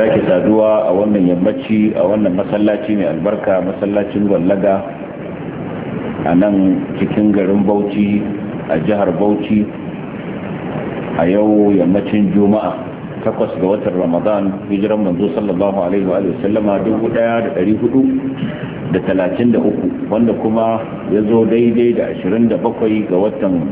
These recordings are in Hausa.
sake saduwa a wannan yammaci a wannan masallaci mai albarka masallacin wallaga a nan cikin garin bauchi a jihar bauchi a yau yammacin juma'a takwas ga watan ramadan hijiran manzo sallallahu alaihi wa sallama dubu daya da dari hudu da talatin da uku wanda kuma ya zo daidai da ashirin da bakwai ga watan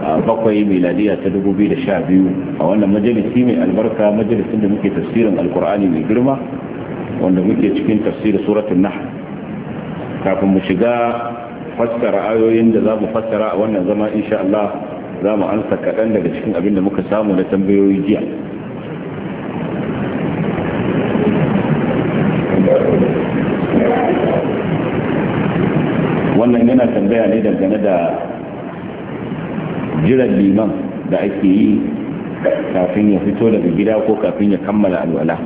bakwai miladiya ta dubu biyu da sha biyu a wannan majalisi mai albarka majalisin da muke tafsirin alkur'ani mai girma wanda muke cikin tafsirin suratun nahl kafin mu shiga fassara ayoyin da za mu fassara a wannan zama insha Allah za mu ansa kaɗan daga cikin abin da muka samu na tambayoyi jiya wannan yana tambaya ne dangane da jiran liman da ake yi kafin ya fito daga gida ko kafin ya kammala alwala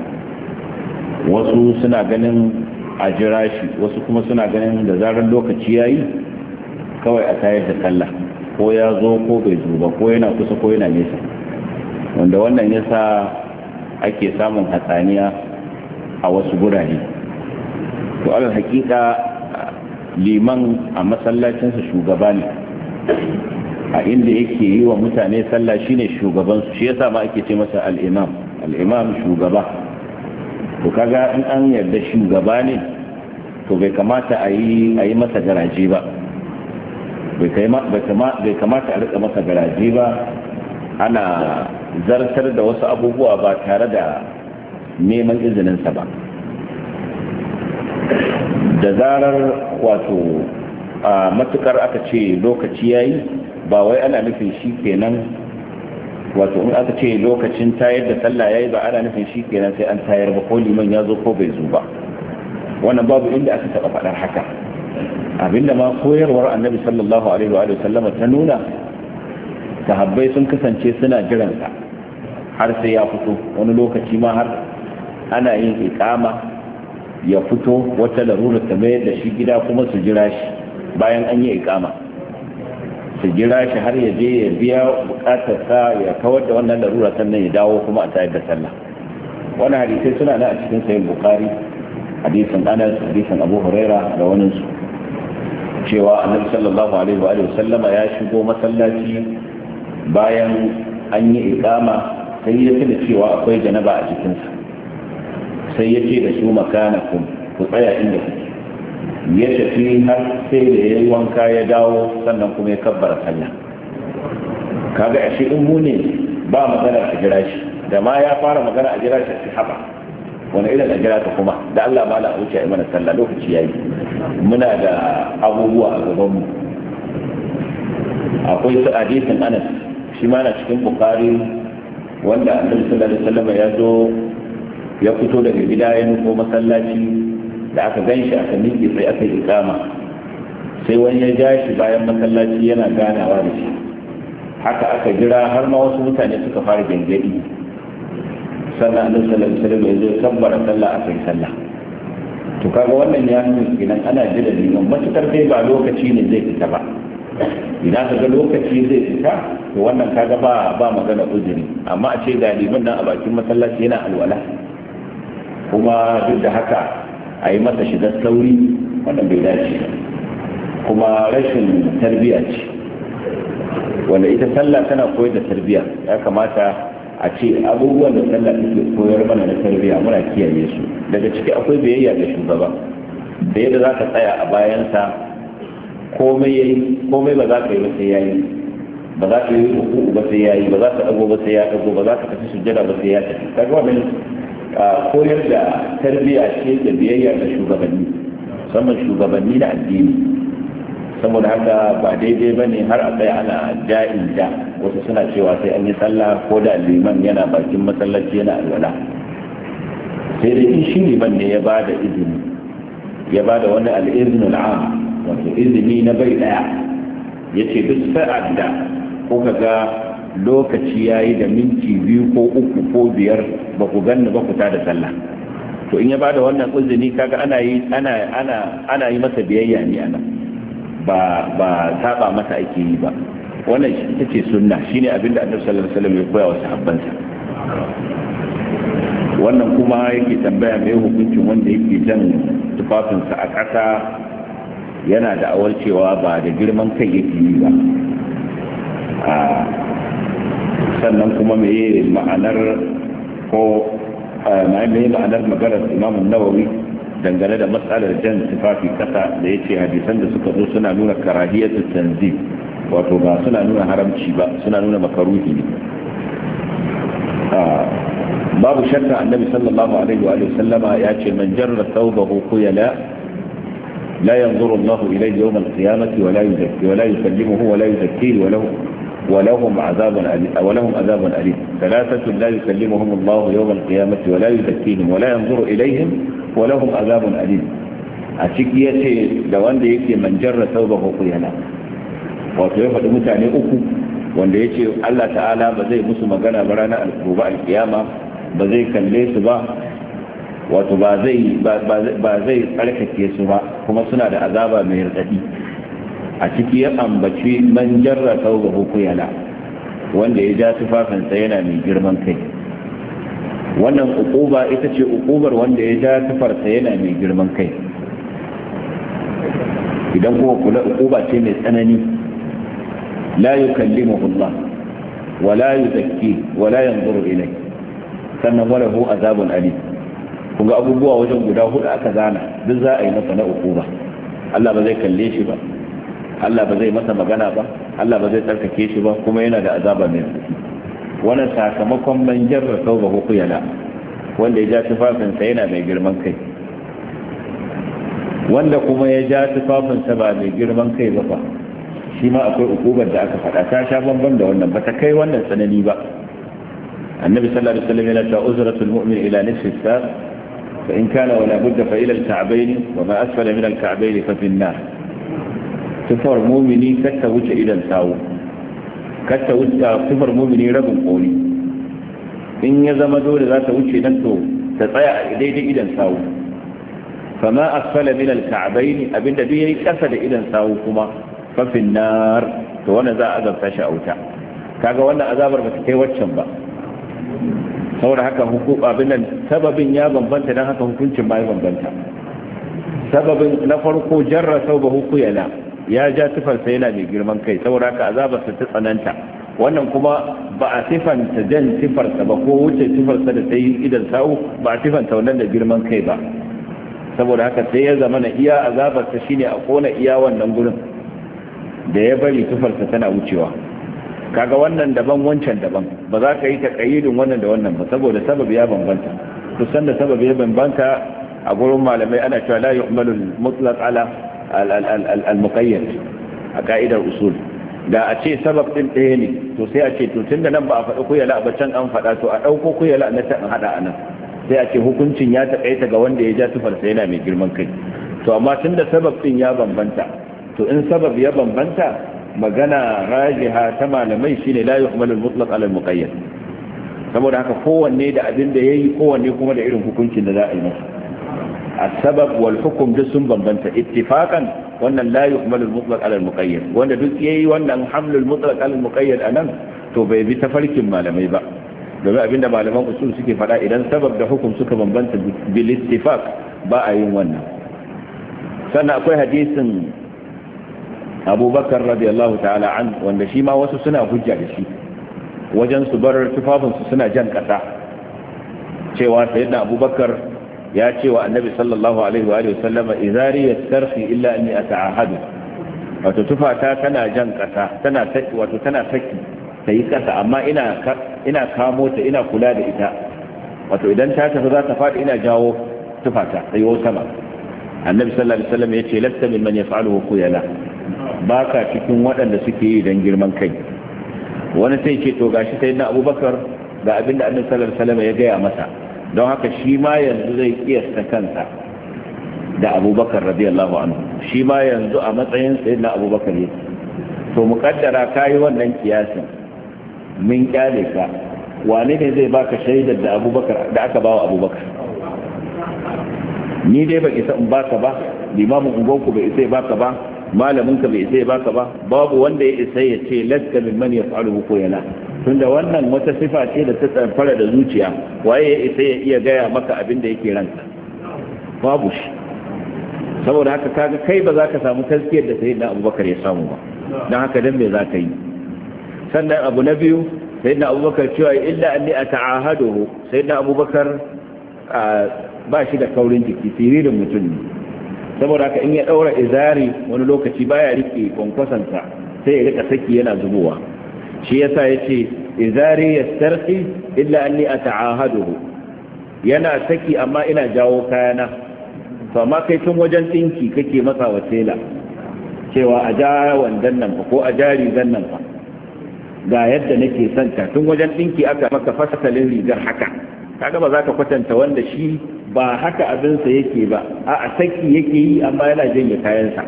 wasu suna ganin a jira shi wasu kuma suna ganin da zarar lokaci ya yi kawai a tayar da kalla ko ya zo ko bai zo ba ko yana kusa ko yana nesa wanda wannan ya sa ake samun hatsaniya a wasu gurare to alal liman a masallacinsa shugaba ne a inda yake yi wa mutane sallah shine shugaban su shi yasa ma ake ce masa al'imam imam shugaba to kaga in an yarda shugaba ne to bai kamata a yi masa garaje ba bai kamata a rika masa garaje ba ana zartar da wasu abubuwa ba tare da neman izininsa ba da zarar wato a matukar aka ce lokaci yayi ba wai ana nufin shi kenan wato in aka ce lokacin tayar da sallah yayi ba ana nufin shi kenan sai an tayar ba ko liman ya zo ko bai zo ba wannan babu inda aka taba faɗar haka abinda ma koyarwar annabi sallallahu alaihi wa sallama ta nuna sahabbai sun kasance suna jiransa har sai ya fito wani lokaci ma har ana yin iƙama ya fito wata larura ta mayar da shi gida kuma su jira shi bayan an yi ikama su jira shi har ya je ya biya bukatarsa ya kawar da wannan larura sannan ya dawo kuma a tayar da sallah wani hadisai suna nan a cikin sayin bukari hadisin anas hadisin abu huraira da wani su cewa annabi sallallahu alaihi wa sallama ya shigo masallaci bayan an yi iqama sai ya tuna cewa akwai janaba a cikinsa sai ya ce da su makanakum ku tsaya inda kuke ya tafi har sai da ya yi wanka ya dawo sannan kuma ya kabbara sallah kaga shi in mu ba magana a jira shi da ma ya fara magana a jira shi a haba wani irin a jira ta kuma da Allah ma la'a wuce a mana sallah lokaci ya yi muna da abubuwa a gabanmu. mu akwai su Anas shi ma na cikin bukari wanda Annabi sallallahu alaihi wasallam ya zo ya fito daga gida ya nufo masallaci da aka gan shi aka miƙe sai aka yi kama sai wani ya ja shi bayan masallaci yana ganawa da shi haka aka jira har ma wasu mutane suka fara gangadi sannan annabi sallallahu alaihi wasallam ya zo kabbara sallah akai sallah to kaga wannan ya nuna kenan ana jira liman matukar dai ba lokaci ne zai fita ba idan ka ga lokaci zai fita to wannan kaga ba ba magana uzuri amma a ce ga liman nan a bakin masallaci yana alwala kuma duk da haka a yi masa shigar sauri wannan bai dace kuma rashin tarbiya ce wanda ita sallah tana koyar da tarbiya ya kamata a ce abubuwan da sallah take koyar mana na tarbiya muna kiyaye su daga ciki akwai biyayya ga shugaba da yadda za ka tsaya a bayansa komai ba za ka yi ba sai yayi ba za ka yi hukuku ba sai yayi ba za ka dago ba sai ya dago ba za ka tafi sujjada ba sai ya tafi kaga wannan koyar da tarbiyya ce da biyayya da shugabanni musamman shugabanni na addini saboda haka ba daidai ba ne har a tsaya ana ja'in da wasu suna cewa sai an yi sallah ko da liman yana bakin masallaci yana alwala sai da shi liman ne ya ba da izini ya ba da wani al'izin al'am wato izini na bai daya ya ce duk sa'ad da ka ga lokaci yayi da minti biyu ko uku ko biyar ba ku ganni ba ku da sallah to in ya bada wannan uzuri kaga ana yi ana ana ana yi masa biyayya ne ana ba ba saba masa ake yi ba wannan ita ce sunna shine abin da annabi sallallahu alaihi wasallam ya koya wa sahabbansa wannan kuma yake tambaya mai hukuncin wanda yake jan tufafinsa a ƙasa yana da awar ba da girman kai yake yi ba ah, sannan kuma mai ma'anar ko mai ma'anar maganar imamun nawawi dangane da matsalar jan tufafi kasa da ya ce hadisan da suka zo suna nuna karahiyatul tanzib wato ba suna nuna haramci ba suna nuna makaruhi ne babu shakka annabi sallallahu alaihi wa sallama ya ce man jarra thawbahu kuyala la yanzuru Allahu ilayhi yawm al-qiyamati wa la yuzakki wa la yukallimuhu wa la yuzakki wa lahu ولهم عذاب أليم ولهم عذاب أليم ثلاثة لا يكلمهم الله يوم القيامة ولا يزكيهم ولا ينظر إليهم ولهم عذاب أليم أشكية لو أن يكي من جر ثوبه قيانا وتوفى المتعني أكو wanda ya ce Allah ta'ala ba zai musu magana ba ranar alkuba alkiyama ba zai kalle su ba wato ba zai tsarkake su ba kuma suna da azaba mai radadi a ciki ya ambaci man jarra taubahu kuyala wanda ya ja tufafinsa yana mai girman kai wannan ukuba ita ce ukubar wanda ya ja tufarsa yana mai girman kai idan kuma kula ukuba ce mai tsanani la yukallimuhu Allah wa la yuzakki wa la yanzuru ilayhi sannan wala hu azabun alim Kuma abubuwa wajen guda hudu aka zana duk za a yi masa na ukuba Allah ba zai kalle shi ba Allah ba zai masa magana ba Allah ba zai tsarkake shi ba kuma yana da azaba mai Wani sakamakon man jarra tauba yana. wanda ya ja tufafinsa yana mai girman kai wanda kuma ya ja tufafinsa ba mai girman kai ba ba shi ma akwai ukubar da aka faɗa ta sha bambam da wannan ba ta kai wannan tsanani ba annabi sallallahu alaihi wasallam yana ta uzratul mu'min ila nisfi sa fa in kana wala budda fa ila al-ka'bayn wa ma asfala min al-ka'bayn fa fi an-nar tufar mumini kar ta wuce idan sawu kar ta wuce tufar mumini rabin koli in ya zama dole za ta wuce nan to ta tsaya a daidai idan sawu fama asfala min al-ka'bayn abinda duk yayi kasa da idan sawu kuma fa finnar to wannan za a azabta shi a wuta kaga wannan azabar ba ta kai waccan ba saboda haka hukum abin sababin ya bambanta dan haka hukuncin ba ya bambanta sababin na farko jarra sauba hukuyana ya ja tufarsa yana mai girman kai saboda ka azabarsa ta tsananta wannan kuma ba a sifanta jan tufarsa ba ko wuce tufarsa da ta yi idan sa'u ba a sifanta wannan da girman kai ba saboda haka sai ya zama na iya azabarsa shine a kona iya wannan gurin da ya bari tufarsa tana wucewa kaga wannan daban wancan daban ba za ka yi takayyudin wannan da wannan ba saboda sabab ya bambanta kusan da sabab ya bambanta a gurin malamai ana cewa la yu'malu mutlaq ala al-muqayyad a ka'idar usul da a ce sabab din ɗaya ne to sai a ce to da nan ba a faɗi kuyala ba can an faɗa to a ɗauko kuyala na can haɗa a nan sai a ce hukuncin ya taƙaita ga wanda ya ja tufarsa yana mai girman kai to amma tunda sabab din ya bambanta to in sabab ya bambanta magana rajiha ta malamai shine la yuhmalu al-mutlaq ala al-muqayyad saboda haka kowanne da abin da yayi kowanne kuma da irin hukuncin da za a yi masa السبب والحكم جسم بمبنت اتفاقا وأن لا يحمل المطلق على المقيد وأن دسيي وأن حمل المطلق على المقيد أنا to bai bi tafarkin malamai ba domin abinda malaman usul suke faɗa idan sabab da hukum suka bambanta bil istifaq ba a yin wannan sannan akwai hadisin abubakar radiyallahu ta'ala an wanda shi ma wasu suna hujja da shi wajen su bar tufafinsu suna jan kasa cewa sayyidina abubakar ya ce wa annabi sallallahu alaihi wa sallama izari ya sarfi illa anni ata'ahadu wato tufata tana jan kasa tana saki wato tana saki ta yi kasa amma ina ina kamo ta ina kula da ita wato idan ta tafi za ta faɗi ina jawo tufata ta yi sama annabi sallallahu alaihi wasallam yace lasta min man yaf'aluhu Ba ka cikin waɗanda suke yi don girman kai wani sai ce to gashi sai na abubakar ga abinda annabi sallallahu alaihi wasallam ya gaya masa don haka shi ma yanzu zai kiyasta kanta da abubakar radiyallahu anhu shi ma yanzu a matsayin sayin na abubakar yake to mukaddara ka yi wannan kiyasin min kyale ka wane ne zai baka shaidar da abubakar da aka bawa abubakar ni dai baki sa in baka ba limamin ungonku bai sai baka ba malamin ka bai isa ya baka ba babu wanda ya isa ya ce laska min man yaf'aluhu ko yana tunda wannan wata sifa ce da ta tsamfara da zuciya waye ya isa ya iya gaya maka abin da yake ranka babu shi saboda haka kaga kai ba za ka samu taskiyar da sayyidina abubakar ya samu ba don haka dan me za ka yi sannan abu na biyu sayyidina abubakar cewa illa anni ata'ahaduhu sayyidina abubakar ba shi da kaurin jiki siririn mutum ne saboda haka in ya daura izari wani lokaci baya rike kwankwasansa sai ya rika saki yana zubowa shi yasa yace izari yastarqi illa anni ata'ahaduhu yana saki amma ina jawo kayana to amma kai tun wajen dinki kake masa wasela cewa a ja wandan nan fa ko a ja rigan nan fa ga yadda nake son ka tun wajen dinki aka maka fasalin rigar haka kaga ba za ka kwatanta wanda shi ba haka abinsa yake ba a saki yake yi amma yana janye kayansa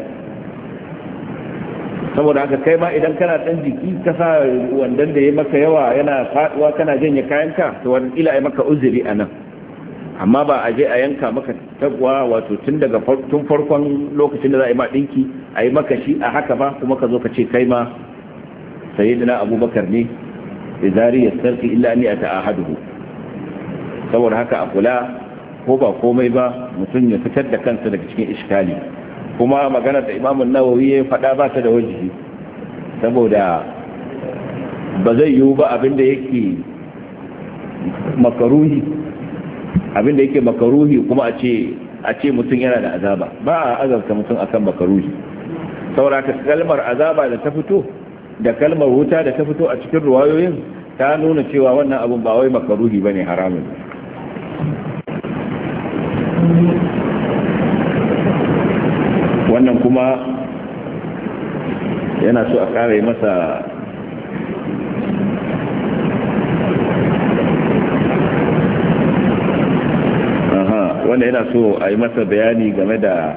saboda haka kai ma idan kana dan jiki ka sa wandan da ya maka yawa yana faɗuwa kana janye kayanka to wani ila ya maka uzuri a nan amma ba a je a yanka maka tagwa wato tun daga tun farkon lokacin da za a yi ma ɗinki a yi maka shi a haka ba kuma ka zo ka ce kai ma sayyidina abubakar ne izari ya sarki illa ni a ta'ahaduhu saboda haka a kula ko ba komai ba mutum ya fitar da kansa daga cikin iskali kuma maganar da imamun nawawi ya faɗa ba ta da wajibi saboda ba zai yiwu ba abinda yake makaruhi abinda yake makaruhi kuma a ce mutum yana da azaba ba a azarta mutum akan makaruhi sauraka kalmar azaba da ta fito da kalmar wuta da ta fito a cikin ruwayoyin ta nuna cewa wannan abin ba wai makaruhi ne haramun wannan kuma yana so a kare masa wanda yana so a yi masa bayani game da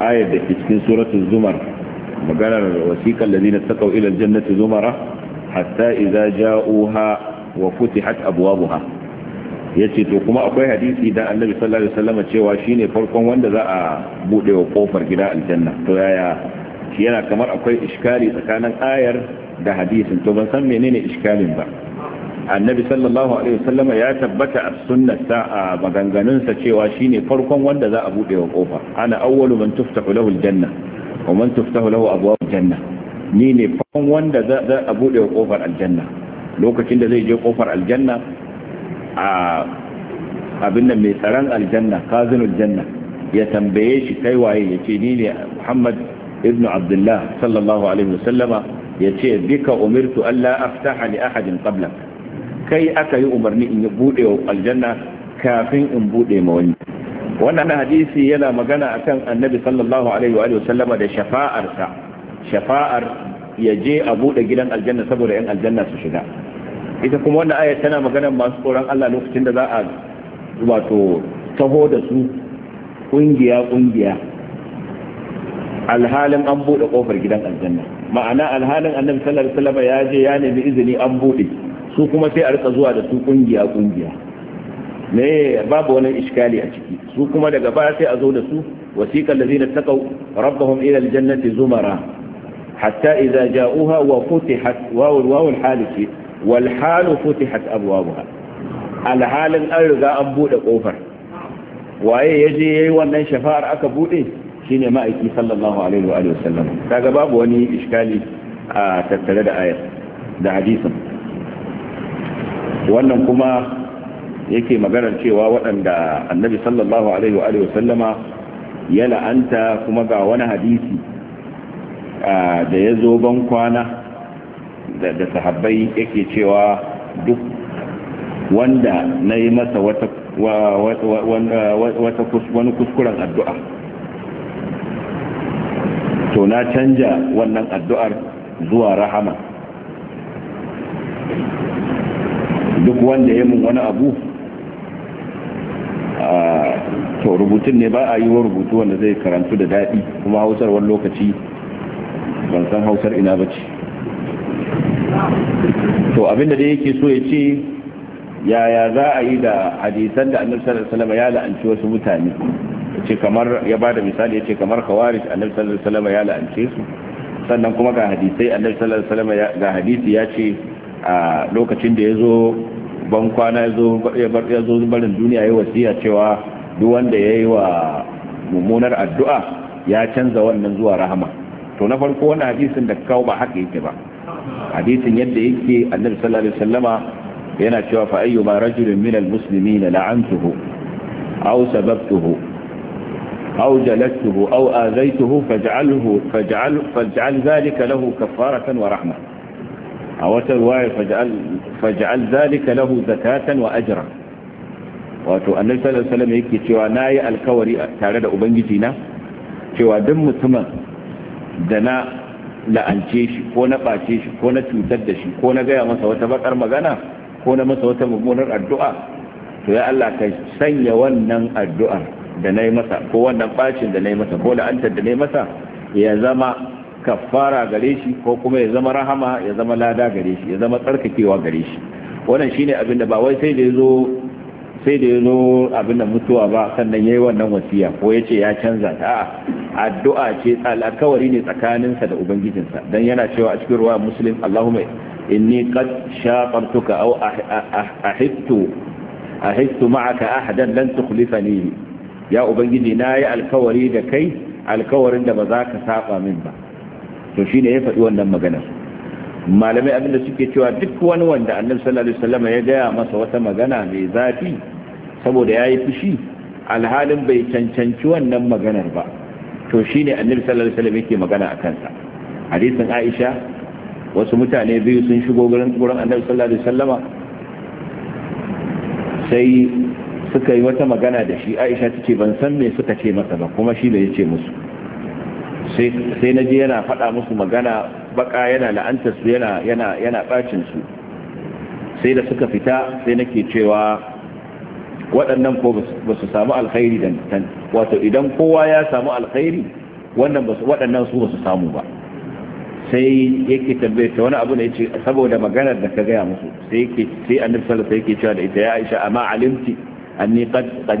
ayar da ke cikin suratun zumar maganar wasiƙar zina ta ƙau'ilar jannati zumara hatta iza ja'uha wa hat abuwa buha ya ce to kuma akwai hadisi da annabi sallallahu alaihi wasallam cewa shine farkon wanda za a bude wa kofar gida aljanna to yaya shi yana kamar akwai iskari tsakanin ayar da hadisin to ban san menene iskalin ba annabi sallallahu alaihi wasallam ya tabbata a sunnarsa a maganganunsa cewa shine farkon wanda za a bude wa kofa ana awwalu man tuftahu lahu aljanna wa man tuftahu lahu abwaab janna ni ne farkon wanda za a bude wa kofar aljanna lokacin da zai je kofar aljanna a abin da mai tsaron aljanna kazinul aljanna ya tambaye shi kai waye ya ce ni ne muhammad ibn abdullah sallallahu alaihi wasallama ya ce bika umirtu allah aftaha li ahadin qablak kai aka yi umarni in bude wa aljanna kafin in bude ma wani wannan hadisi yana magana akan annabi sallallahu alaihi wa sallama da shafa'arsa shafa'ar ya je a bude gidan aljanna saboda yan aljanna su shiga ita kuma wannan ayar tana maganar masu tsoron Allah lokacin da za a wato taho da su kungiya kungiya alhalin an bude kofar gidan aljanna ma'ana alhalin annabi sallallahu alaihi wasallam ya je ya nemi izini an bude su kuma sai a rika zuwa da su kungiya kungiya ne babu wani iskali a ciki su kuma daga baya sai a zo da su wasiqal ladina taqaw rabbahum ila aljannati zumara hatta idza ja'uha wa futihat waw waw alhaliki wal futihat Abu al an riga an buɗe ƙofar. waye yaje yayi wannan shafa'ar aka Shi shine ma'aiki sallallahu alaihi wa alihi wasallam kaga babu wani iskali a tattare da ayar da hadisin wannan kuma yake maganar cewa waɗanda annabi sallallahu alaihi wa alihi wasallama ya la'anta kuma ga wani hadisi da ya zo ban kwana da sahabbai yake cewa duk wanda na yi masa wani kuskuren addu'a to na canja wannan addu'ar zuwa rahama duk wanda ya mun wani abu to rubutun ne ba a yi wa rubutu wanda zai karantu da daɗi kuma hausar wani lokaci ban san hausar ina ba ce to abinda da yake so ya ce yaya za a yi da hadisan da annabi sallallahu alaihi wasallam ya la'anci wasu mutane ce kamar ya bada misali ya ce kamar khawarij annabi sallallahu alaihi wasallam ya la'ance su sannan kuma ga hadisai annabi sallallahu alaihi wasallam ga hadisi ya ce a lokacin da yazo ban kwana yazo yazo barin duniya yayi wasiya cewa duk wanda yayi wa mummunar addu'a ya canza wannan zuwa rahama to na farko wannan hadisin da kawo ba haka yake ba hadisin yadda yake annabi sallallahu alaihi wasallama yana cewa fa ayyuma rajulin minal muslimin la'antuhu aw sababtuhu aw jalattuhu aw azaituhu faj'alhu faj'al faj'al dhalika lahu kafaratan wa rahma aw tarwaya faj'al faj'al dhalika lahu zakatan wa ajra wato annabi sallallahu alaihi wasallam yake cewa nayi alkawari tare da ubangiji na cewa duk mutumin da na la'ance shi ko na ɓace shi ko na cutar da shi ko na gaya masa wata bakar magana ko na masa wata mummunar addu'a to ya Allah ka sanya wannan addu'ar da na yi masa ko wannan ɓacin da na yi masa ko la'antar da na yi masa ya zama kafara gare shi ko kuma ya zama rahama ya zama lada gare shi ya zama tsarkakewa gare shi wannan shine abin da ba wai sai da ya zo sai da ya zo abin da mutuwa ba sannan ya yi wannan wasiya ko ya ce ya canza ta addu'a ce alkawari ne tsakaninsa da ubangijinsa don yana cewa a cikin ruwa muslim allahumma inni qad shaqartuka aw ah, ah, ah, ahittu ahittu ma'aka ahadan lan tukhlifani ya ubangiji na yi alkawari da kai alkawarin da ba za ka saba min ba to shine ya faɗi wannan maganar malamai abinda suke cewa duk wani wanda annabi sallallahu alaihi wasallam ya gaya masa wata magana mai zafi saboda yayi fushi alhalin bai cancanci wannan maganar ba to shine annabi sallallahu alaihi wasallam yake magana akan sa hadisin Aisha wasu mutane biyu sun shigo gurin gurin annabi sallallahu alaihi wasallama sai suka yi wata magana da shi Aisha tace ban san me suka ce masa ba kuma shi bai ce musu sai na je yana faɗa musu magana baka yana la'antar su yana yana bacin su sai da suka fita sai nake cewa waɗannan ko ba su samu alkhairi dan wato idan kowa ya samu alkhairi wannan waɗannan su ba su samu ba sai yake tambaye ta wani abu ne yace saboda maganar da ka gaya musu sai yake sai annabi sallallahu alaihi yake cewa da ita ya Aisha amma alimti anni qad qad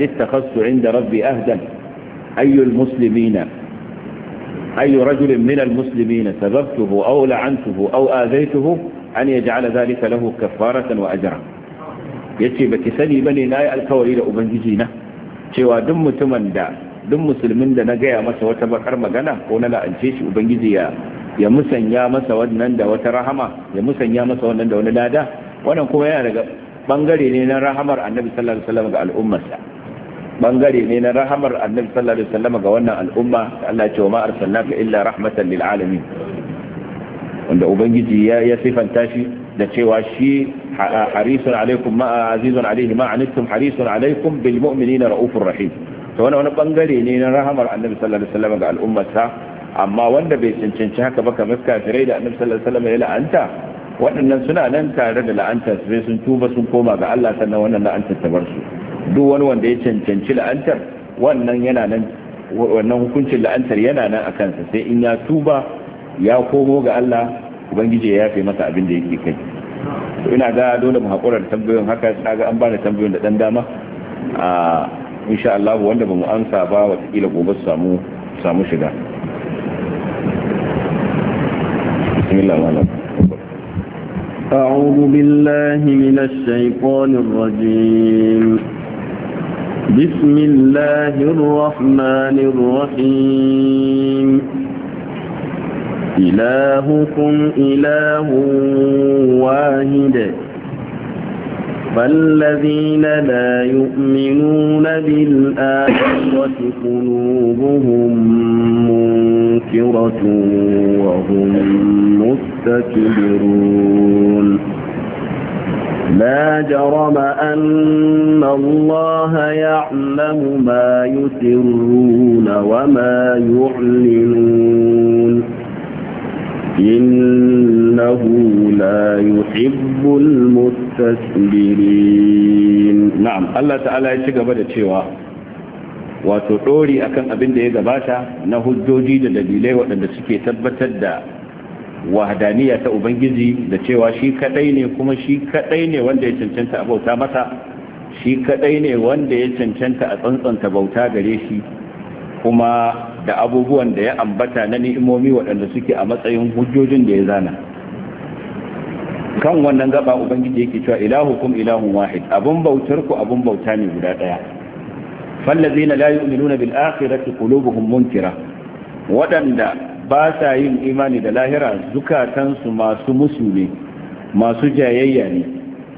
inda rabbi ahdan ayyul muslimina أي رجل من المسلمين سببته أو لعنته أو آذيته أن يجعل ذلك له كفارة وأجرا yace baki sani bane nayi alkawari da ubangiji na cewa duk mutumin da duk musulmin da na gaya masa wata bakar magana ko na la'ance shi ubangiji ya ya musanya masa wannan da wata rahama ya musanya masa wannan da wani lada wannan kuma yana daga bangare ne na rahamar annabi sallallahu alaihi wasallam ga al'ummarsa bangare ne na rahamar annabi sallallahu alaihi wasallam ga wannan al'umma Allah ya ce wa ma arsalnaka illa rahmatan lil alamin wanda ubangiji ya ya sifanta shi da cewa shi harisun alaikum ma azizun alaihi ma anittum harisun alaikum bil mu'minina raufur rahim to wannan wani bangare ne na rahamar annabi sallallahu alaihi wasallam ga al'ummarsa amma wanda bai cancanci haka ba kamar kafirai da annabi sallallahu alaihi wasallam ya la'anta waɗannan suna nan tare da la'anta sai sun tuba sun koma ga Allah sannan wannan la'antar ta bar su duk wani wanda ya cancanci la'antar wannan yana nan wannan hukuncin la'antar yana nan a kansa sai in ya tuba ya komo ga Allah ubangiji ya yafe masa abin da yake kai to ina ga dole mu hakura da tambayoyin haka na ga an bani tambayoyin da dan dama a insha Allah wanda ba mu amsa ba wataƙila gobe su samu samu shiga أعوذ بالله من الشيطان الرجيم بسم الله الرحمن الرحيم إلهكم إله واحد فالذين لا يؤمنون بالآخرة قلوبهم منكرة وهم مستكبرون لا جرم أن الله يعلم ما يسرون وما يعلنون إنه لا يحب المستكبرين نعم الله تعالى يشغب da cewa wato ɗori akan abin da ya gabata na hujjoji da dalilai waɗanda suke tabbatar da wahadaniya ta ubangiji da cewa shi kadai ne kuma shi kadai ne wanda ya cancanta a bauta masa shi kadai ne wanda ya cancanta a tsantsanta bauta gare shi kuma da abubuwan da ya ambata na ni'imomi waɗanda suke a matsayin hujjojin da ya zana kan wannan gaba ubangiji yake cewa ilahu kum ilahun wahid abun bautar ku abun bauta ne guda ɗaya fallazina la yu'minuna bil akhirati qulubuhum munkira waɗanda ba sa yin imani da lahira zukatansu masu musu ne masu jayayya ne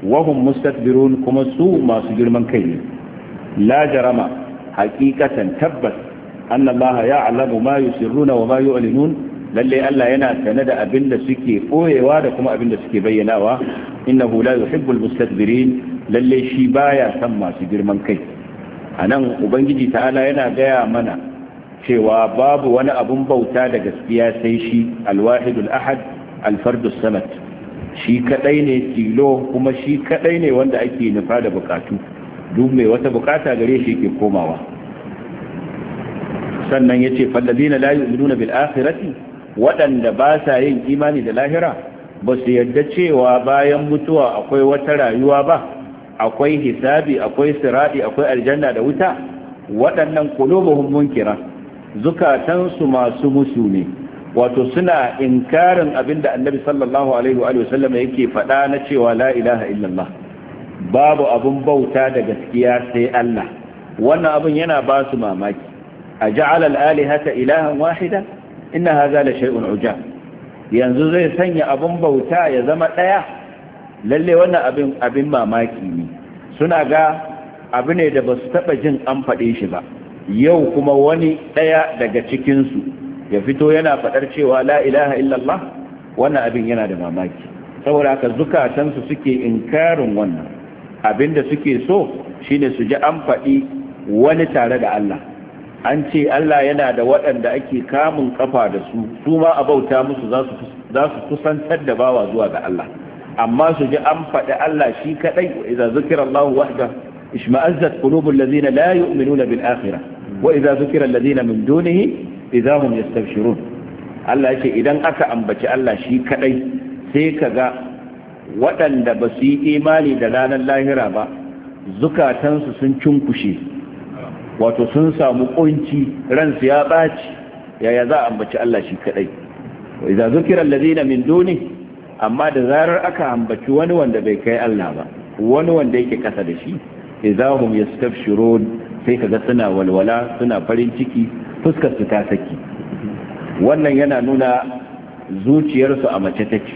wahum mustakbirun kuma su masu girman kai ne la jarama hakikatan tabbas anna allaha ya'lamu ma yusirruna wa ma yu'linun lalle Allah yana sane da abin da suke koyewa da kuma abin da suke bayyanawa innahu la yuhibbul mustakbirin lalle shi baya san masu girman kai anan ubangiji ta'ala yana gaya mana cewa babu wani abun bauta da gaskiya sai shi alwahidul ahad alfardus samad shi kadai ne tilo kuma shi kadai ne wanda ake nufa da bukatu duk mai wata bukata gare shi ke komawa sannan ya ce fallazina la yu'minuna bil akhirati waɗanda ba sa yin imani da lahira ba su yarda cewa bayan mutuwa akwai wata rayuwa ba akwai hisabi akwai siradi akwai aljanna da wuta waɗannan qulubuhum munkira zukatansu masu musu ne wato suna inkarin abinda annabi sallallahu alaihi wa sallam yake faɗa na cewa la ilaha illallah babu abin bauta da gaskiya sai Allah wannan abin yana ba su mamaki a ja'ala al-alihata ilahan wahida inna hadha la shay'un ujab yanzu zai sanya abun bauta ya zama ɗaya. lalle wannan abin abin mamaki ne suna ga abu ne da basu taɓa jin an faɗe shi ba yau kuma wani ɗaya daga cikinsu ya fito yana faɗar cewa la ilaha illallah wannan abin yana da mamaki saboda haka zukatansu suke inkarin wannan da suke so shine su ji an faɗi wani tare da Allah an ce Allah yana da waɗanda ake kamun kafa da su su ma a bauta musu za su kusantar da bawa zuwa ga Allah amma su ji an faɗi Allah shi kaɗai idan zikirar اشمأزت قلوب الذين لا يؤمنون بالآخرة وإذا ذكر الذين من دونه إذا هم يستبشرون الله يشي إذن أكا أنبتي الله شي كأي سيكا غا وطن دبسي إيماني دلانا الله رابا زكاة تنسو سنشن كشي وتسنسى مقنتي رنس يا باتي يا يذا أنبتي الله شي كأي وإذا ذكر الذين من دونه أما دزارر أكا أنبتي ونوان دبيكي الله با ونوان ديكي كسد شي idahum yastabshirun sai kaga suna walwala suna farin ciki fuskar su ta saki wannan yana nuna zuciyarsu a mace take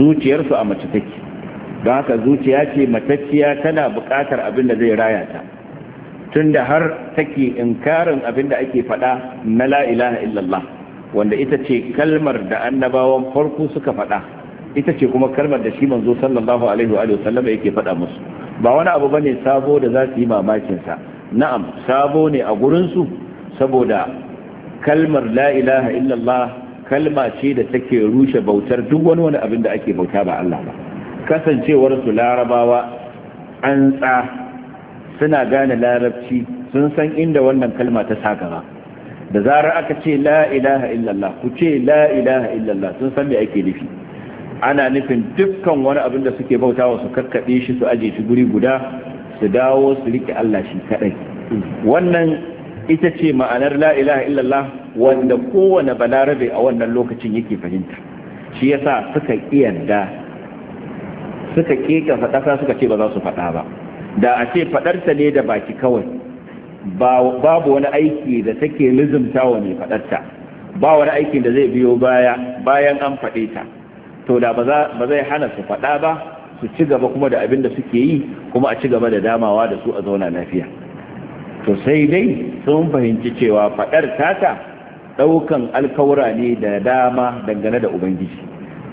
zuciyarsu a mace take don haka zuciya ce matacciya tana buƙatar abin da zai raya ta tunda har take inkarin abin da ake faɗa na la ilaha illallah wanda ita ce kalmar da annabawan farko suka faɗa ita ce kuma kalmar da shi manzo sallallahu alaihi wa sallam yake faɗa musu ba wani abu bane sabo da za su yi mamakinsa. na'am sabo ne a gurin saboda kalmar la ilaha illallah kalma ce da take rushe bautar duk wani wani abin da ake bauta ba Allah ba kasancewar su larabawa an tsa suna gane larabci sun san inda wannan kalma ta saka ba da zarar aka ce la ilaha illallah ku ce la ilaha illallah sun san me ake nufi ana nufin dukkan wani abin da suke bautawa su karkaɗe shi su aje shi guri guda su dawo su rike Allah shi kaɗai wannan ita ce ma'anar la ilaha illallah wanda kowane balarabe a wannan lokacin yake fahimta shi yasa suka kiyarda suka keka faɗa suka ce ba za su faɗa ba da a ce faɗarta ne da baki kawai babu wani aiki da take lizumta wa mai faɗarta ba wani aiki da zai biyo baya bayan an faɗe ta to da ba zai hana su faɗa ba su ci gaba kuma da abin da suke yi kuma a ci gaba da damawa da su a zauna lafiya to sai dai sun fahimci cewa faɗar tata ɗaukan alkawura ne da dama dangane da ubangiji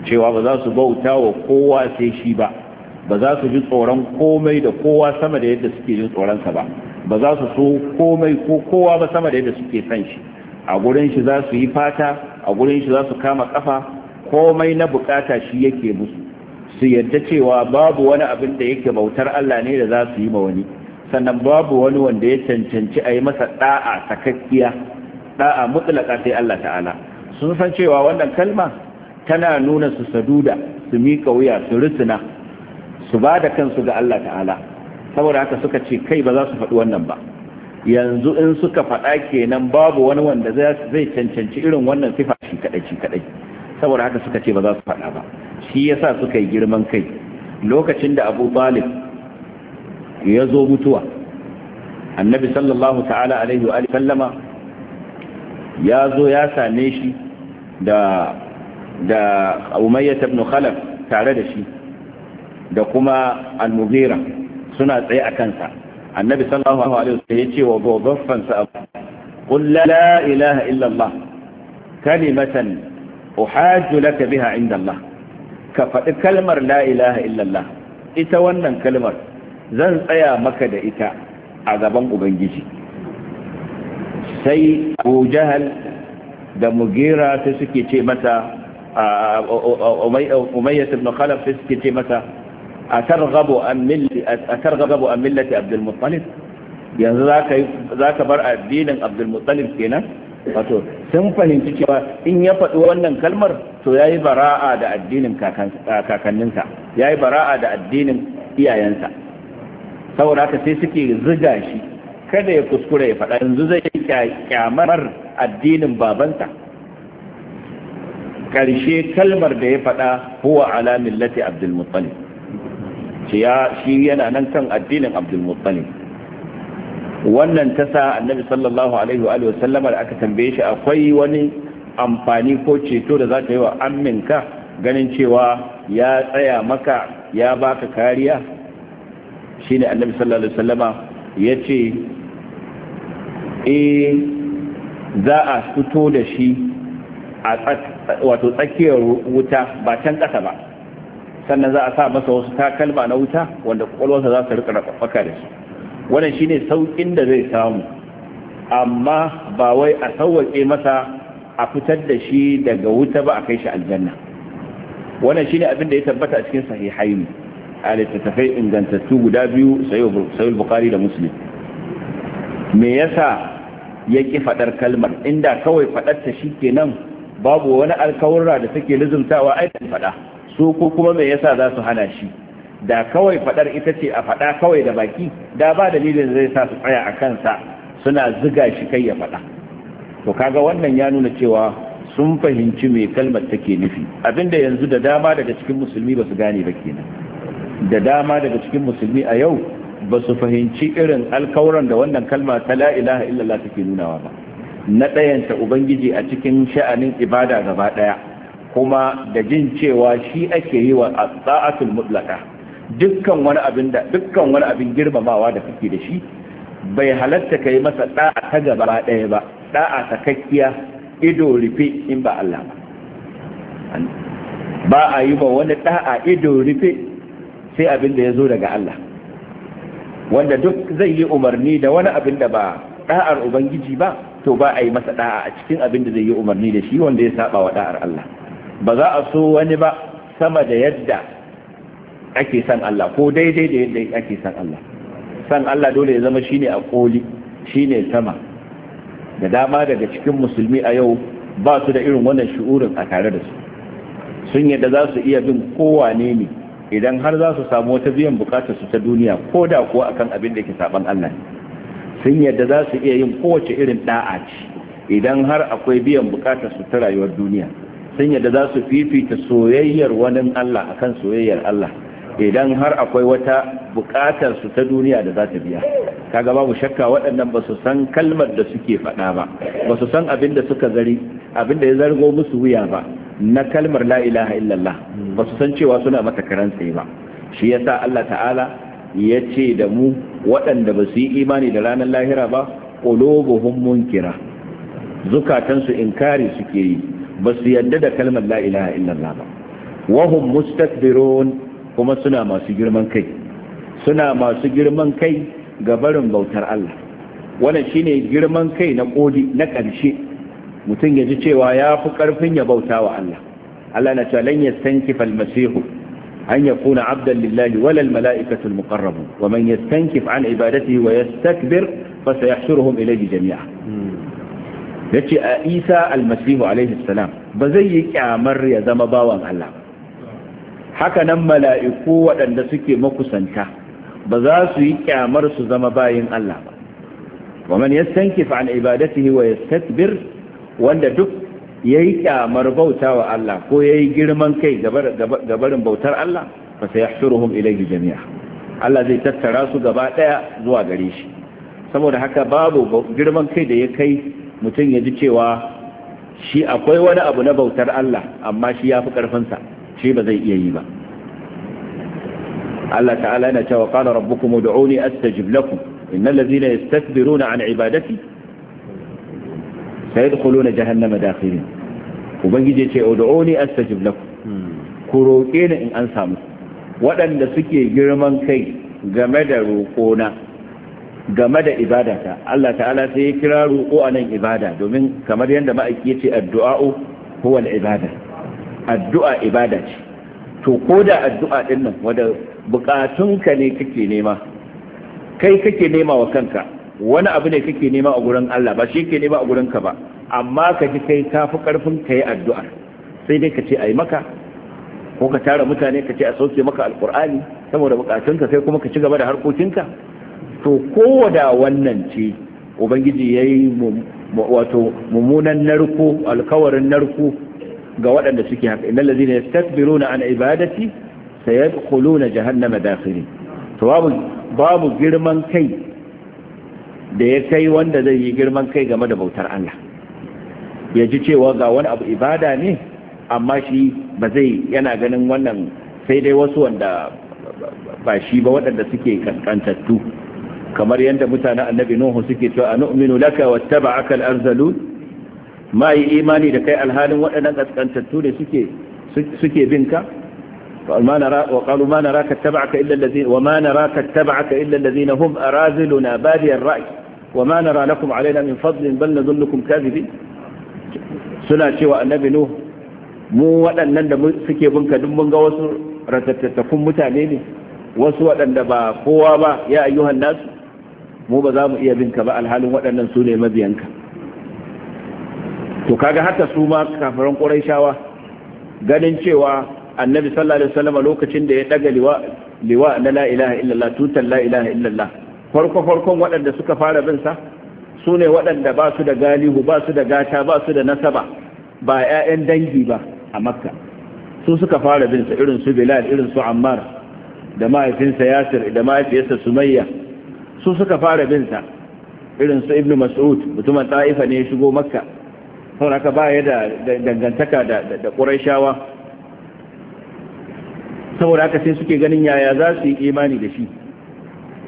cewa ba za su bauta wa kowa sai shi ba ba za su ji tsoron komai da kowa sama da yadda suke jin tsoronsa ba ba za su so komai ko kowa ba sama da yadda suke san shi a gurin shi za su yi fata a gurin shi za su kama kafa komai na bukata shi yake musu su yadda cewa babu wani abin da yake bautar Allah ne da za su yi ma wani sannan babu wani wanda ya cancanci a yi masa ɗa'a sakakkiya ɗa'a mutlaka sai Allah ta'ala sun san cewa wannan kalma tana nuna su saduda su miƙa wuya su rusuna su ba da kansu ga Allah ta'ala saboda haka suka ce kai ba za su faɗi wannan ba yanzu in suka faɗa kenan babu wani wanda zai cancanci irin wannan sifa shi kaɗai shi kaɗai saboda haka suka ce ba za su faɗa ba shi yasa suka yi girman kai lokacin da abu talib ya zo mutuwa annabi sallallahu ta'ala alaihi wa sallama ya zo ya same shi da da umayyat ibn khalaf tare da shi da kuma al-mughira suna tsaye a kansa annabi sallallahu alaihi ya ce wa gogaffansa qul la ilaha illa allah kalimatan uhajju laka biha inda Allah ka faɗi kalmar la ilaha illallah ita wannan kalmar zan tsaya maka da ita a gaban ubangiji sai Abu Jahal da Mugira ta suke ce mata Umayyah ibn Khalaf suke ce mata atarghabu an a atarghabu millati Abdul Muttalib yanzu za ka bar addinin Abdul Muttalib kenan wato sun fahimci cewa in ya faɗi wannan kalmar to ya yi bara'a da addinin kakanninsa ya yi bara'a da addinin iyayensa saboda haka sai suke ziga shi kada ya kuskure ya faɗa yanzu zai yi kyamar addinin babansa ƙarshe kalmar da ya faɗa huwa ala millati abdulmuttalib shi yana nan kan addinin abdulmuttalib wannan ta sa annabi sallallahu alaihi wa sallama da aka tambaye shi akwai wani amfani ko ceto da za ta yi wa amminka ganin cewa ya tsaya maka ya baka kariya shi ne annabi sallallahu alaihi sallama ya ce e za a fito da shi a wato tsakiyar wuta ba can ƙasa ba sannan za a sa masa wasu takalma na wuta wanda kwakwalwarsa za su rika rafaka da su wannan shine saukin da zai samu amma ba wai a sauwake masa a fitar da shi daga wuta ba a kai shi aljanna wannan shine abin da ya tabbata a cikin sahihain a littattafai ingantattu guda biyu sahih bukhari da muslim me yasa ya ki fadar kalmar inda kawai fadar ta shikenan babu wani alkawarra da take lizumtawa aikin fada su ko kuma me yasa za su hana shi da kawai fadar ita ce a fada kawai da baki da ba dalilin zai sa su tsaya a kansa suna ziga shi kai ya fada to kaga wannan ya nuna cewa sun fahimci me kalmar take nufi abinda yanzu da dama daga cikin musulmi ba su gane ba kenan da dama daga cikin musulmi a yau ba su fahimci irin alkawuran da wannan kalma ta la ilaha illallah take nunawa ba na ta ubangiji a cikin sha'anin ibada gaba ɗaya kuma da jin cewa shi ake yi wa tsa'atul mutlaka dukkan wani abin da dukkan wani abin girmamawa da kake da shi bai halatta kai masa da'a ta gaba ɗaya ba da'a ta kakkiya ido rufe in ba Allah ba ba a yi ba wani da'a ido rufe sai abin da ya zo daga Allah wanda duk zai yi umarni da wani abin da ba da'ar ubangiji ba to ba a yi masa da'a a cikin abin da zai yi umarni da shi wanda ya saba wa da'ar Allah ba za a so wani ba sama da yadda ake san Allah ko daidai da yadda ake san Allah san Allah dole ya zama shine a koli shine sama da dama daga cikin musulmi a yau ba su da irin wannan shu'urin a tare da su sun yadda za su iya bin kowa ne idan har za su samu wata biyan bukatar su ta duniya ko da kuwa akan abin da ke saban Allah sun yadda za su iya yin kowace irin da'a ce idan har akwai biyan bukatar su ta rayuwar duniya sun yadda za su fifita soyayyar wani Allah akan soyayyar Allah idan har akwai wata bukatar su ta duniya da za ta biya kaga babu shakka waɗannan ba su san kalmar da suke faɗa ba ba su san abin da suka zari abin da ya zargo musu wuya ba na kalmar la ilaha illallah ba su san cewa suna mata karan ba shi yasa Allah ta'ala ya ce da mu waɗanda ba su yi imani da ranar lahira ba qulubuhum munkira zukatansu inkari suke yi ba su yadda da kalmar la ilaha illallah ba wahum mustakbirun kuma suna masu girman kai suna masu girman kai ga barin bautar Allah wannan shine girman kai na kodi na ƙarshe mutum ya ji cewa ya fi ƙarfin ya bauta wa Allah Allah na cewa lan yastankifa almasihu an yakuna abdan lillahi wala almalaikatu almuqarrabun wa man yastankif an ibadatihi wa yastakbir fa sayahshuruhum ilayhi jami'a yace a Isa almasihu alaihi salam ba zai yi kyamar ya zama bawan Allah haka nan mala'iku waɗanda suke makusanta ba za su yi ƙyamar su zama bayin Allah ba wa man yastankif an ibadatihi wa yastakbir wanda duk yayi kyamar wa Allah ko yayi girman kai gabarin bautar Allah fa sayahsuruhum ilayhi jami'a Allah zai tattara su gaba ɗaya zuwa gare shi saboda haka babu girman kai da ya kai mutum ya ji cewa shi akwai wani abu na bautar Allah amma shi yafi fi ƙarfinsa shi ba zai iya yi ba Allah ta'ala yana cewa qala rabbukum ud'uni astajib lakum innal ladhina yastakbiruna an ibadati sayadkhuluna jahannama dakhirin ubangiji ce ud'uni astajib lakum ku roke ni in an samu waɗanda suke girman kai game da roƙona game da ibadata Allah ta'ala sai ya kira roƙo anan ibada domin kamar yadda ma'aiki ya ce addu'a huwa al-ibada addu'a ibada ce to ko da addu'a din nan wanda bukatunka ne kake nema kai kake nema wa kanka wani abu ne kake nema a gurin Allah ba shi ke nema a gurin ka ba amma ka ji kai ka fi karfin ka yi addu’a sai dai ka ce a yi maka ko ka tara mutane ka ce a sauke maka alkur'ani saboda bukatunka sai kuma ka ci gaba da harkokinka to ko da wannan ce ubangiji ya yi wato mummunan narko alkawarin narko ga waɗanda suke haka innal ladina yastakbiruna an ibadati sayadkhuluna jahannama dakhiri to babu babu girman kai da ya kai wanda zai yi girman kai game da bautar Allah ya ji cewa ga wani abu ibada ne amma shi ba zai yana ganin wannan sai dai wasu wanda ba shi ba waɗanda suke kankantattu kamar yadda mutanen annabi nuhu suke cewa a nu'minu laka wattaba'aka al-arzalun ma yi imani da kai alhalin waɗannan kaskantattu ne suke suke bin ka وما نرى illa ما نراك اتبعك إلا الذين وما نراك اتبعك إلا الذين هم أرازلنا بادي الرأي وما نرى لكم علينا من فضل بل نظنكم كاذبين سنة شوى النبي نوح mu waɗannan da suke ka duk mun ga wasu ratattattafun mutane ne wasu waɗanda ba kowa ba ya ayyuhan nasu mu ba za mu iya binka ba alhalin waɗannan su ne mabiyanka to kaga haka su ma kafiran ƙuraishawa ganin cewa annabi sallallahu alaihi wasallam lokacin da ya daga liwa liwa na la ilaha illallah tutan la ilaha illallah farko farkon waɗanda suka fara bin sa su ne waɗanda ba su da galihu ba su da gata ba su da nasaba ba ƴaƴan dangi ba a makka su suka fara bin sa irin su bilal irin su ammar da mahaifinsa yasir da mahaifiyarsa sumayya su suka fara bin sa irin su ibnu mas'ud mutumin ta'ifa ne ya shigo makka sauran ka baya da dangantaka da shawa saboda haka sai suke ganin yaya za su yi imani da shi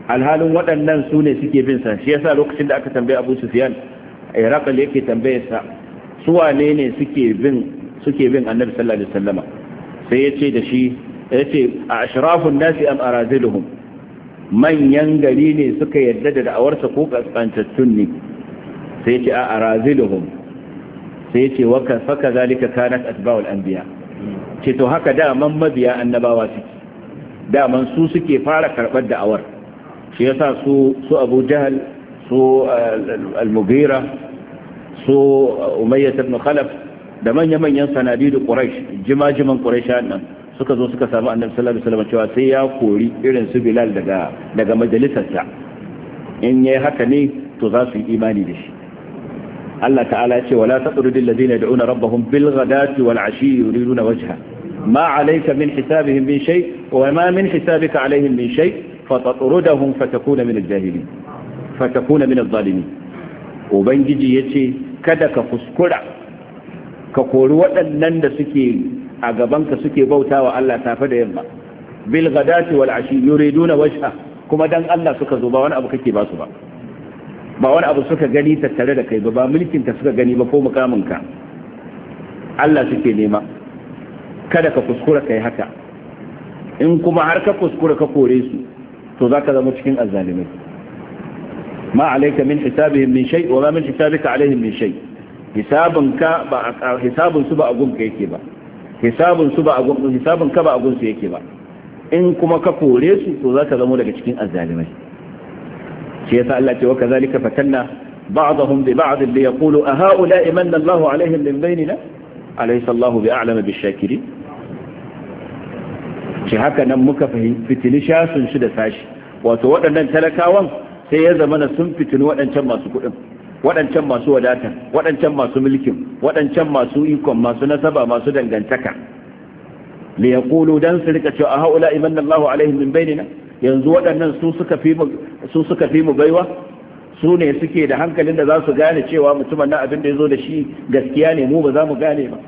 alhalin waɗannan su ne suke bin sa shi yasa lokacin da aka tambaye abu sufiyan iraqal yake tambaye sa su wane ne suke bin annabi sallallahu alaihi wasallama sai ya ce da shi ya ce a ashrafun nasi am araziluhum manyan gari ne suka yadda da da'awarsa ko kaskantattun ne sai ya ce a araziluhum sai ce waka faka zalika kanat atba'ul anbiya ce to haka daman mabiya annabawa suke daman su suke fara karbar da'awar shi yasa su su Abu Jahl su eh, Al-Mughira su Umayyah ibn Khalaf da manya-manyan sanadidu Quraysh jimajiman Quraysh nan suka zo suka samu Annabi sallallahu alaihi wasallam cewa sai ya kori irin su Bilal daga daga majalisarsa in yayi haka ne to za su yi imani da shi Allah ta'ala ya ce wala taqrudil ladina yad'una rabbahum bil ghadati wal ashi yuriduna wajha ma alayka min hisabihim min shay wa ma min hisabika alayhim min shay fatatrudahum fatakuna min al-jahilin fatakuna min al-zalimin ubangiji yace kada ka kuskura ka kori waɗannan da suke a gabanka suke bautawa Allah safe da yamma bil ghadati wal ashi yuriduna wajha kuma dan Allah suka zo ba wani abu kake ba su ba ba wani abu suka gani tattare da kai ba ba mulkin ka suka gani ba ko mukamin ka Allah suke nema kada ka kuskura kai haka in kuma har ka kuskura ka kore su to ka zama cikin azzalimai ma alaika min hisabihim min shay wa ma min hisabika alaihim min shay hisabun ka ba hisabun su ba agun ka yake ba hisabun su ba agun hisabun ka ba agun su yake ba in kuma ka kore su to ka zama daga cikin azzalimai shi yasa Allah ce wa kazalika fatanna ba'dahum bi ba'd li yaqulu a ha'ula'i manna Allahu alaihim min bainina alaysa Allahu bi'alama bishakirin shi haka nan muka fahimci fitini shasun shi da sashi wato waɗannan talakawan sai ya zama na sun fitini waɗancan masu kuɗin waɗancan masu wadata waɗancan masu mulkin waɗancan masu ikon masu nasaba masu dangantaka li yaqulu dan su rika cewa a ha'ula'i manna Allahu alaihim min bainina yanzu waɗannan su suka fi mu baiwa su ne suke da hankalin da za su gane cewa mutumin na abin da ya zo da shi gaskiya ne mu ba za mu gane ba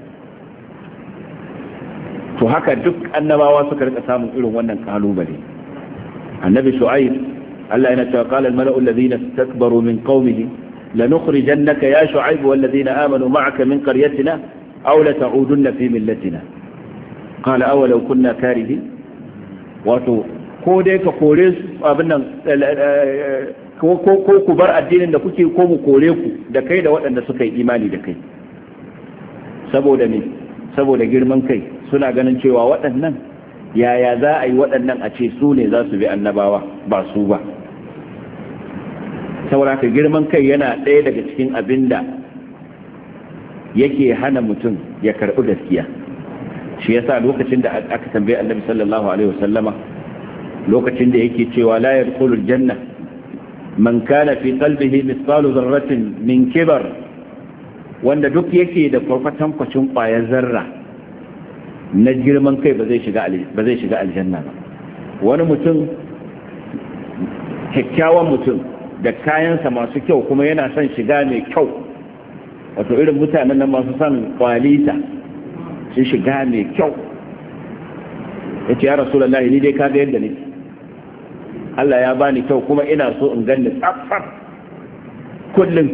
to haka duk annabawa suka rika samun irin wannan kalubale annabi shu'aib Allah yana cewa qala al-mala'u alladhina istakbaru min qaumihi lanukhrijannaka ya shu'aib wal ladina amanu ma'aka min qaryatina aw la ta'udunna fi millatina qala aw law kunna karihin wato ko dai ka kore su abin nan eh, eh, eh, ko ku bar addinin da kuke ko mu kore ku da kai da waɗanda suka yi imani da kai saboda me saboda girman kai suna ganin cewa waɗannan yaya za a yi waɗannan a ce su ne za su bi annabawa ba su ba saboda ka girman kai yana ɗaya daga cikin abin da yake hana mutum ya karɓi gaskiya shi yasa lokacin da aka tambaye annabi sallallahu alaihi wasallama lokacin da yake cewa la yadkhulul janna man kana fi qalbihi mithqalu dharratin min kibar wanda duk yake da farfatan kwacin kwayar zarra na girman kai ba zai shiga ba zai shiga aljanna ba wani mutum kyakkyawan mutum da kayansa masu kyau kuma yana son shiga mai kyau wato irin mutanen nan masu son kwalita sun shiga mai kyau ya ce ya rasu lallahi ni dai ka ga yadda nake Allah ya bani kyau kuma ina so in ganni tsaffar kullum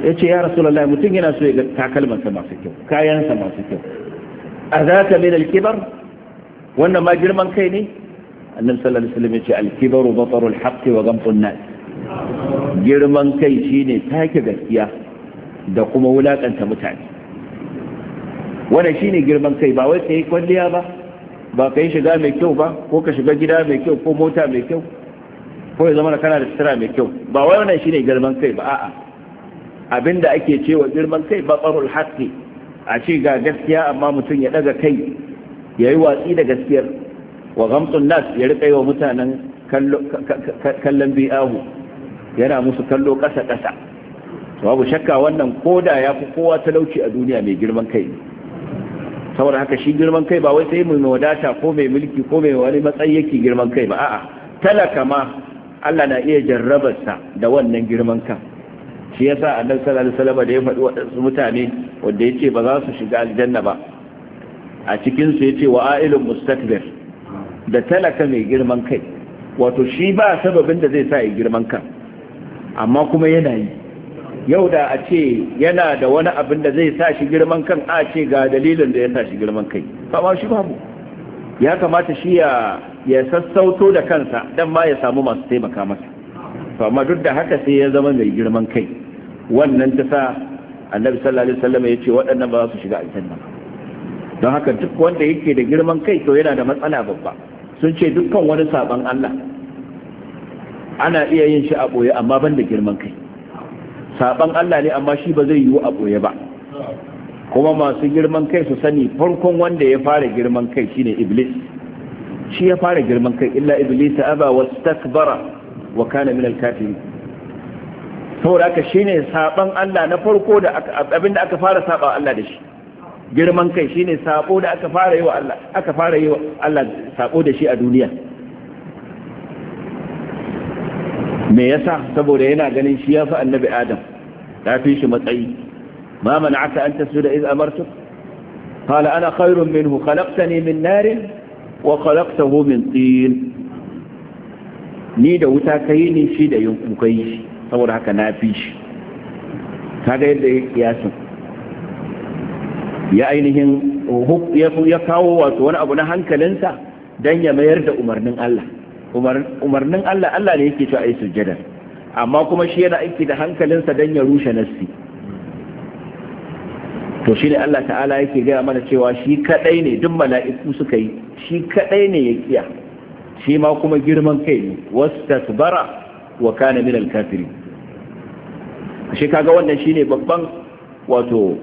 ya ce ya rasulallah mutum yana so ya ga takalmansa masu kyau kayansa masu kyau a za ka min alkibar wannan ma girman kai ne Annan sallallahu alaihi wasallam ya ce alkibaru batarul haqqi wa gamtun nas girman kai shine take gaskiya da kuma wulakanta mutane wannan shine girman kai ba wai kai kwalliya ba ba ka yi shiga mai kyau ba ko ka shiga gida mai kyau ko mota mai kyau ko ya zama kana da sutura mai kyau ba wai wannan shine girman kai ba a'a abinda ake cewa girman kai ba barul haqqi a ce ga gaskiya amma mutum ya daga kai yayi watsi da gaskiyar wa ghamtun nas ya rika yi wa mutanen kallon bi'ahu yana musu kallo kasa kasa babu shakka wannan koda ya fi kowa talauci a duniya mai girman kai saboda haka shi girman kai ba wai sai mai wadata ko mai mulki ko mai wani matsayi yake girman kai ba a'a talaka ma Allah na iya jarrabarsa da wannan girman kan shi yasa annabi sallallahu alaihi wasallam da ya faɗi waɗansu mutane wanda yace ba za su shiga aljanna ba a cikin su yace wa ailul mustakbir da talaka mai girman kai wato shi ba sababin da zai sa ya girman kan amma kuma yana yi yau da a ce yana da wani abin da zai sa shi girman kan a ce ga dalilin da ya sa shi girman kai amma shi babu ya kamata shi ya sassauto da kansa don ma ya samu masu taimaka masa to duk da haka sai ya zama mai girman kai wannan ta sa annabi sallallahu alaihi wasallam ya ce waɗannan ba za su shiga aljanna don haka duk wanda yake da girman kai to yana da matsala babba sun ce dukkan wani sabon Allah ana iya yin shi a boye amma ban da girman kai saban Allah ne amma shi ba zai yiwu a ɓoye ba kuma masu girman kai su sani farkon wanda ya fara girman kai shine iblis shi ya fara girman kai illa iblis aba wastakbara wa kana min al saboda haka shine saban Allah na farko da abinda aka fara saba Allah da shi girman kai shine sabo da aka fara yi wa Allah aka fara yi wa Allah sabo da shi a duniya me yasa saboda yana ganin shi ya fi annabi adam ya fi shi matsayi ma mana'aka an tasjuda iz amartu qala ana khairun minhu khalaqtani min narin wa khalaqtahu min tin ni da wuta kai ne shi da yunku kai shi saboda haka na fi shi kaga yadda ya kiyasin ya ainihin ya kawo wato wani abu na hankalinsa don ya mayar da umarnin Allah umarnin Allah Allah ne yake cewa ai sujjada amma kuma shi yana aiki da hankalinsa dan ya rushe nassi to shi ne Allah ta'ala yake gaya mana cewa shi kadai ne duk mala'iku suka yi shi kadai ne ya kiya shi ma kuma girman kai ne wastasbara wa kana min al shi kaga wannan shi ne babban wato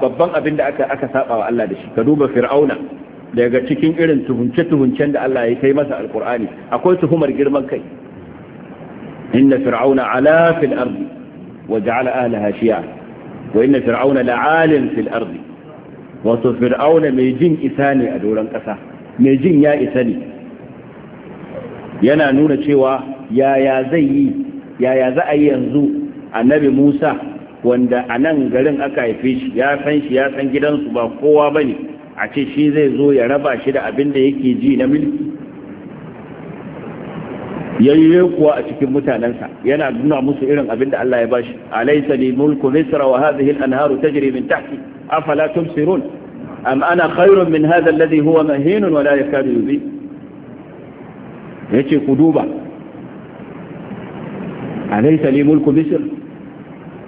babban abin da aka aka saba wa Allah da shi ka duba fir'auna daga cikin irin tuhunce-tuhuncen da Allah ya kai masa alkur'ani akwai tuhumar girman kai inna fir'auna ala fil ardi wa ja'ala ahliha shi'a wa inna fir'auna la'alin fil ardi wato fir'auna mai jin isa ne a doron ƙasa mai jin ya isa ne yana nuna cewa yaya zai yi yaya za a yi yanzu annabi Musa wanda a nan garin aka haife shi ya san shi ya san gidansu ba kowa bane a ce shi zai zo ya raba shi da abin da yake ji na milki yayye kuwa a cikin mutanensa yana nuna musu irin abin da Allah ya bashi alaysa li mulku misra wa hadhihi al-anharu tajri min tahti afala tumsirun am ana khayrun min hadha alladhi huwa mahin wa la yakadu yubi yace ku duba alaysa li mulku misr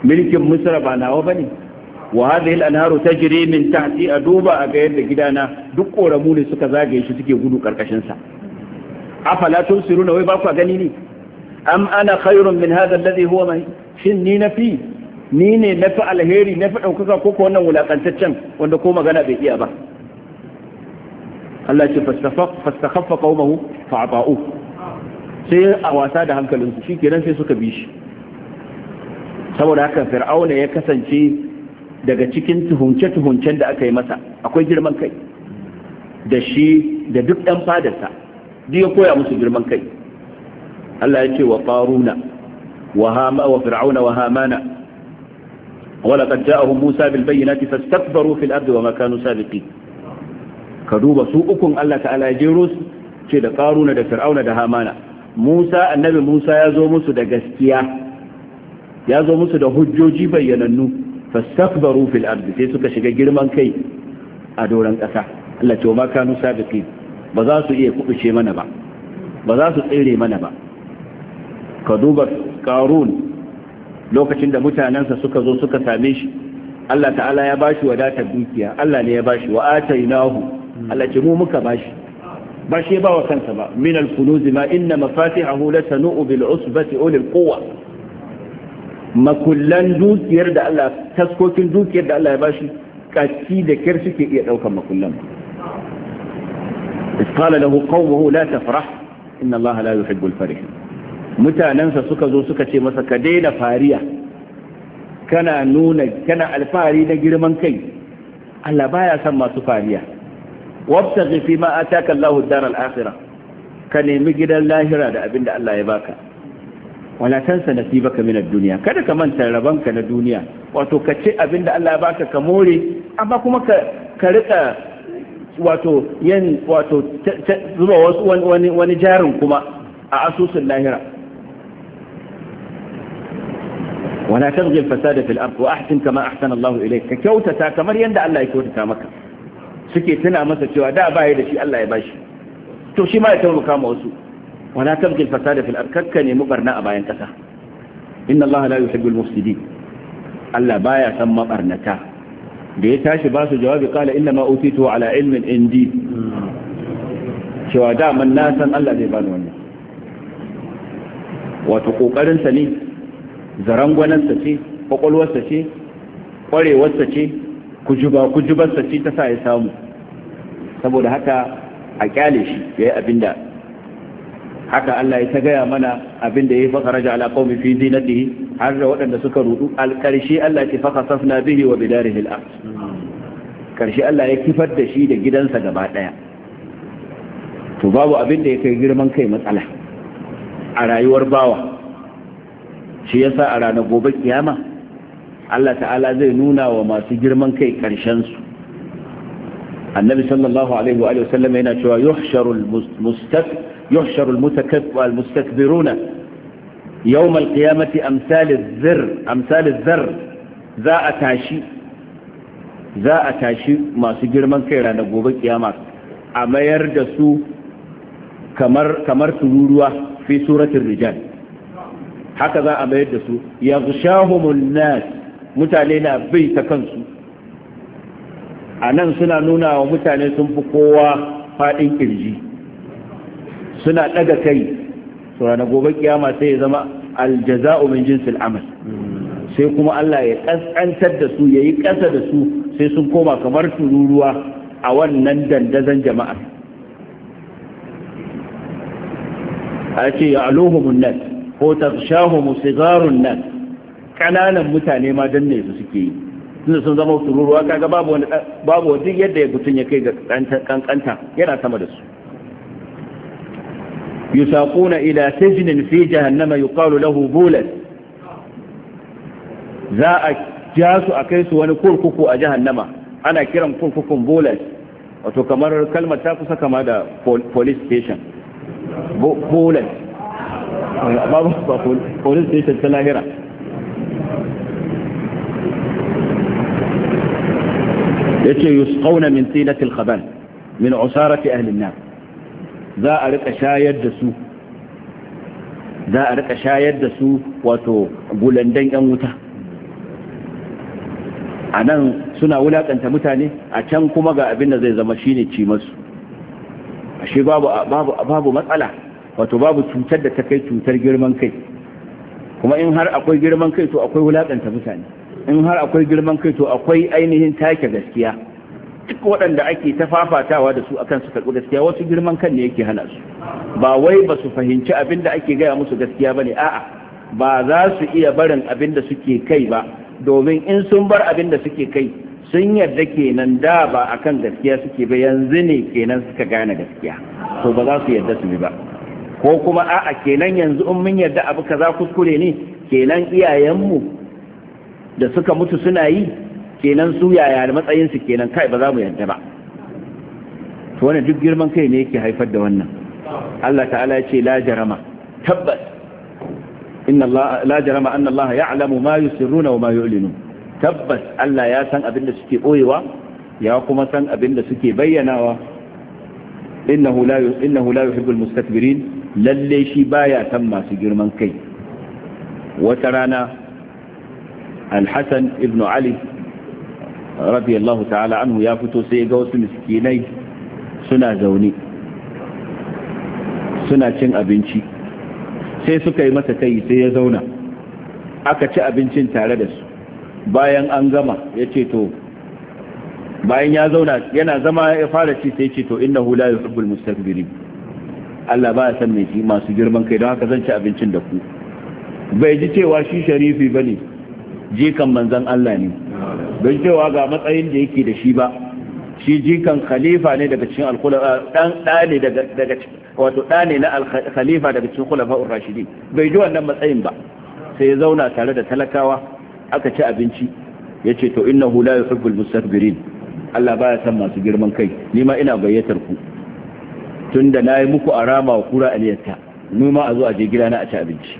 milkin misra ba nawa bane wa hadhihi al-anharu tajri min tahti a duba a ga yadda gidana duk koramu ne suka zagaye shi suke gudu karkashin sa afala tusiruna wai ba ku gani ne am ana khairun min hadha alladhi huwa mahi shin ni na fi? ni ne na fi alheri na fi daukaka ko ko wannan wulakantaccen wanda ko magana bai iya ba Allah ce fastakhaffa qaumahu fa'ata'u sai a wasa da hankalinsu shikenan sai suka bi shi saboda haka fir'auna ya kasance daga cikin tuhunce-tuhuncen da aka yi masa akwai girman kai da shi da duk ɗan fadarsa duk ya koya musu girman kai Allah ya ce wa ƙaruna wa fir'auna wa hamana wala qad ja'ahum Musa bil bayyinati fastakbaru fil ardi wa ma kanu sabiqin ka duba su ukun Allah ta'ala ya jero su ce da ƙaruna da fir'auna da hamana Musa annabi Musa ya zo musu da gaskiya ya zo musu da hujjoji bayyanannu fastakbaru fil ardi sai suka shiga girman kai a doran kasa Allah ce ma kanu sabiqi ba za su iya kubuce mana ba ba za su tsere mana ba ka duba qarun lokacin da mutanensa suka zo suka same shi Allah ta'ala ya bashi wadatar dukiya Allah ne ya bashi wa atainahu Allah ce mu muka bashi ba shi ba wa kansa ba min al-kunuz ma inna mafatihahu latanu bil usbati ulil quwwa makullan dukiyar da Allah taskokin dukiyar da Allah ya bashi kaci da kyar suke iya daukan makullan qala lahu qawmuhu la tafrah inna Allah la yuhibbul farih mutanansa suka zo suka ce masa ka daina fariya kana nuna kana alfahari na girman kai Allah baya son masu fariya wabtaghi fi ma ataka Allahu ad-dar al-akhirah ka nemi gidan lahira da abinda Allah ya baka wala tansa nasibaka min ad-dunya kada ka manta rabanka na duniya wato ka ci abinda Allah ya baka ka more amma kuma ka ka rika wato yan wato zuba wasu wani wani jarin kuma a asusun lahira wala tabghi al-fasada fil ard wa ahsin kama ahsana Allah ilayk ka kyautata kamar yanda Allah ya kyautata maka suke tuna masa cewa da baya da shi Allah ya bashi to shi ma ya taimaka ma wasu wala tabgil fasada fil arkakka ne mu barna a bayan kasa inna Allah la yuhibbul mufsidin Allah baya san da ya tashi ba su jawabi kala inna ma utitu ala ilmin indi cewa daman na san Allah zai bani wannan wato kokarinsa ne zarangwanarsa ce kwakwalwarsa ce kwarewarsa ce kujuba kujubarsa ce ta sa ya samu saboda haka a kyale shi ya yi abin da haka Allah ya ta gaya mana abin da ya fa raja ala qaumi fi zinatihi har da waɗanda suka rudu al karshe Allah ya fa khasafna bihi wa bidarihi al ard karshe Allah ya kifar da shi da gidansa gaba daya to babu abin da ya kai girman kai matsala a rayuwar bawa shi yasa a ranar gobe kiyama Allah ta'ala zai nuna wa masu girman kai karshen su annabi sallallahu alaihi wa sallam yana cewa yuhsharul mustaq يحشر المستكبرون يوم القيامة أمثال الذر أمثال الذر za tashi za a tashi masu girman kai ranar gobe kiyama a mayar da su kamar tururuwa fi suratul rijal haka za a mayar da su yaghshahumun nas mutane na bai ta kansu a nan suna nuna wa mutane sun fi kowa faɗin ƙirji. suna daga kai to na gobe kiyama sai ya zama aljaza'u min jinsil amal sai kuma Allah ya kasantar da su yayi kasa da su sai sun koma kamar tururuwa a wannan dandazon jama'a a ce ya nan ko tafshahumu sigarun nan kananan mutane ma danne su suke yi tunda sun zama tururuwa kaga babu wani babu wani yadda ya gutun ya kai ga kankanta yana sama da su يساقون إلى سجن في جهنم يقال له بولس ذا جاسو أكيسو أن كركوكو أجهنم أنا كرم كركوكم بولس وتكمر الكلمة تاكو سكما دا بوليس تيشن بولس بوليس تيشن تلاهرة يسقون من سيلة الخبان من عصارة أهل النار za a rika shayar da su za a rika shayar da su wato gulandan yan wuta a nan suna wulaƙanta mutane a can kuma ga abin da zai zama shi ne cimarsu. ashe babu babu matsala wato babu cutar da ta kai cutar girman kai kuma in har akwai girman kai to akwai wulaƙanta mutane in har akwai girman kai to akwai ainihin take gaskiya duk waɗanda ake ta fafatawa da su akan su karɓi gaskiya wasu girman kan ne yake hana su ba wai ba su fahimci abin da ake gaya musu gaskiya ba ne a'a ba za su iya barin abin da suke kai ba domin in sun bar abin da suke kai sun yarda kenan da ba akan gaskiya suke ba yanzu ne kenan suka gane gaskiya to ba za su yarda su bi ba ko kuma a'a kenan yanzu in mun yarda abu kaza kuskure ne kenan iyayenmu da suka mutu suna yi kenan su yaya matsayin su kenan kai ba za mu yadda ba to wani duk girman kai ne yake haifar da wannan Allah ta'ala ya ce la jarama tabbas inna Allah la jarama anna Allah ya'lamu ma yusirruna wa ma yu'linun tabbas Allah ya san abin da suke boyewa ya kuma san abin da suke bayyanawa innahu la innahu la yuhibbul mustakbirin lalle shi baya san masu girman kai wata rana al-Hasan ibn Ali radiyallahu ta'ala anhu ya fito sai ga wasu miskinai suna zaune suna cin abinci sai suka yi masa kai sai ya zauna aka ci abincin tare da su bayan an gama ya ce to bayan ya zauna yana zama ya fara ci sai ce to Inna innahu la yuhibbul mustakbirin Allah ba ya san me shi masu girman kai don haka zan ci abincin da ku bai ji cewa shi sharifi bane jikan manzon Allah ne don cewa ga matsayin da yake da shi ba shi jikan khalifa ne daga cikin alkhulafa uh, dan dane daga daga wato na khalifa daga cikin khulafa'ur rashidi bai ji wannan matsayin ba sai ya zauna tare da talakawa aka ci abinci yace to innahu la yuhibbul mustakbirin Allah baya san masu girman kai ni ma ina gayyatar ku tunda nayi muku arama wa kura aliyata ni ma a zo a je gidana a ci abinci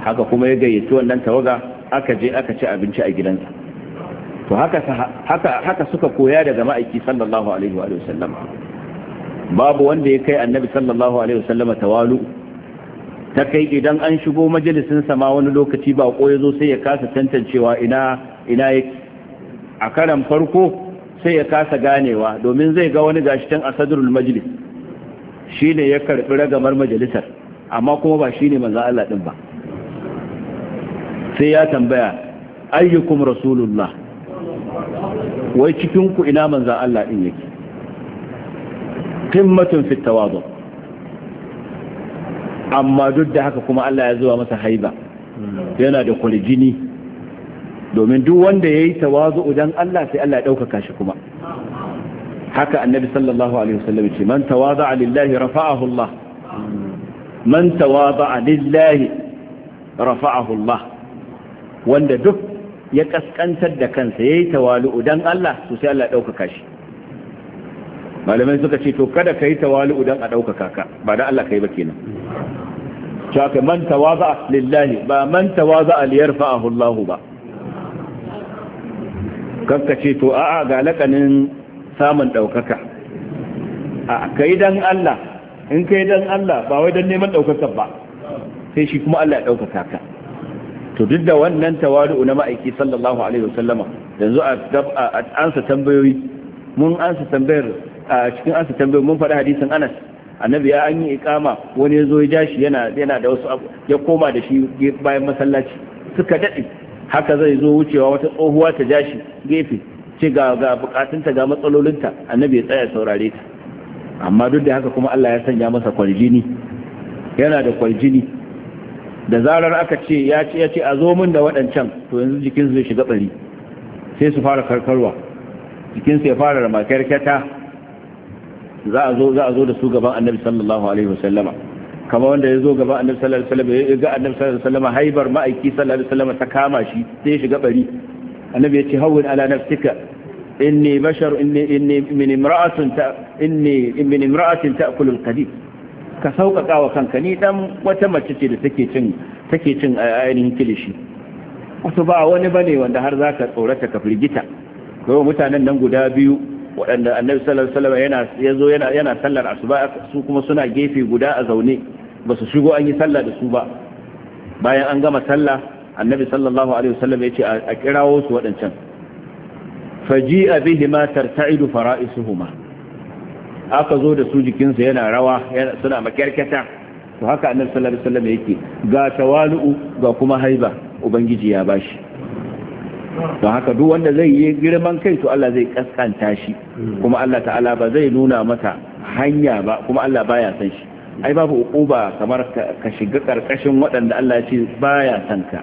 haka kuma ya gayyaci wannan tawaga aka je aka ci abinci a gidansa to haka suka koya daga ma'aiki sallallahu alaihi wa sallama babu wanda ya kai annabi sallallahu alaihi wa sallama tawalu ta kai idan an shigo majalisin sama wani lokaci ba ko yazo sai ya kasa tantancewa ina ina yake a karan farko sai ya kasa ganewa domin zai ga wani gashi can asadrul majlis shine ya karbi ragamar majalisar amma kuma ba shine manzo Allah din ba sai ya tambaya ayyukum rasulullah wai cikin ku ina manzan Allah din yake qimmatun fit tawadu amma duk da haka kuma Allah ya zuwa masa haiba yana da kurjini domin duk wanda yayi tawazu dan Allah sai Allah ya ɗaukaka shi kuma haka annabi sallallahu alaihi wasallam ce man tawada'a lillahi rafa'ahu Allah man tawada'a lillahi rafa'ahu Allah wanda duk ya kaskantar da kansa ya yi tawalu'u dan Allah to sai Allah ya daukaka shi malamai suka ce to kada ka yi tawalu'u dan a daukaka ka ba da Allah ka yi ba kenan cewa man tawaza lillahi ba man tawaza liyarfa'ahu Allah ba kanka ce to a'a ga lakanin samun daukaka a yi don Allah in ka yi don Allah ba wai don neman daukaka ba sai shi kuma Allah ya ɗaukaka. ka to duk da wannan tawadu na ma'aiki sallallahu alaihi wasallama yanzu a ansa tambayoyi mun ansa tambayar a cikin ansa tambayoyi mun faɗi hadisin Anas annabi ya an yi iqama wani ya zo ya ja yana yana da wasu ya koma da shi bayan masallaci suka daɗe haka zai zo wucewa wata tsohuwa ta jashi gefe ce ga ga bukatunta ga matsalolinta annabi ya tsaya saurare ta amma duk da haka kuma Allah ya sanya masa kwaljini yana da kwaljini da zarar aka ce ya ce ya ce a zo min da waɗancan to yanzu jikinsu zai shiga ɓari sai su fara karkarwa jikinsu ya fara makarkata za a zo za a zo da su gaban annabi sallallahu alaihi wasallama kama wanda ya zo gaban annabi sallallahu alaihi wasallama ya ga annabi sallallahu alaihi wasallama haibar ma'aiki sallallahu alaihi wasallama ta kama shi sai ya shiga ɓari annabi ya ce hawwin ala nafsika inni bashar inni inni min imra'atin ta inni min imra'atin ta'kulu al ka sauƙaƙa wa kanka ni ɗan wata mace ce da take cin take cin ainihin kilishi wato ba wani bane wanda har zaka tsorata ka firgita ko mutanen nan guda biyu waɗanda annabi sallallahu alaihi wasallam yana yazo yana yana sallar asuba su kuma suna gefe guda a zaune ba su shigo an yi sallah da su ba bayan an gama sallah annabi sallallahu alaihi wasallam ya ce a kirawo su waɗancan faji'a bihima tarta'idu fara'isuhuma aka zo da su jikinsa yana rawa suna makyarkyata to haka Annar sallallahu alaihi yake ga tawalu ga kuma haiba ubangiji ya bashi don haka duk wanda zai yi girman kai to Allah zai kaskanta shi kuma Allah ta'ala ba zai nuna mata hanya ba kuma Allah baya san shi ai babu uba kamar ka shiga karkashin waɗanda Allah ya ce baya san ka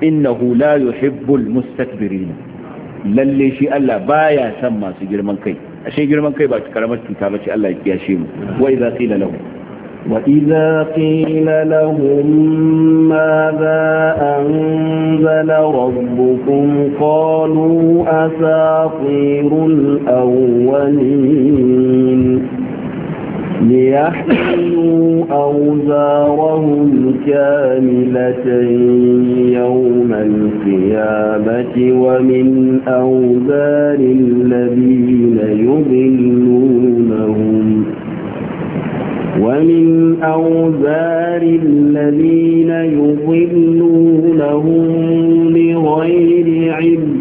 innahu la yuhibbul mustakbirin lalle shi Allah baya san masu girman kai ashe girman kai ba karamar cuta ba ce Allah ya kiyashe mu wa idza qila lahu wa idza qila lahum ma za anzala rabbukum qalu asatirul awwalin ليحملوا أوزارهم كاملة يوم القيامة ومن أوزار الذين يضلونهم ومن أوزار الذين يضلونهم بغير علم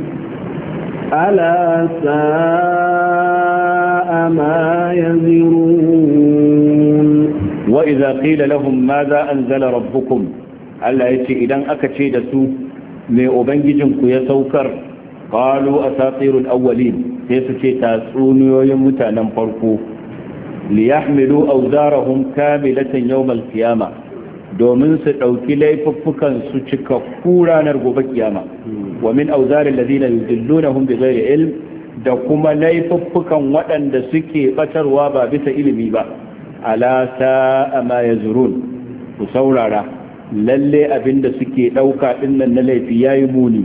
ألا ساء ما يزيدون وإذا قيل لهم ماذا أنزل ربكم ألا يتي إذن أكتي دسو من أبنججنك يسوكر قالوا أساطير الأولين يسكي tatsuniyoyin mutanen farko ليحملوا أوزارهم كاملة يوم القيامة domin su ɗauki laifuffukan su cikakku ranar gobe kiyama wa min auzarin ladina yudillunahum bi ghairi ilm da kuma laifuffukan waɗanda suke batarwa ba bisa ilimi ba ala a ma yazurun ku saurara lalle abinda suke ɗauka ɗinnan na laifi yayi muni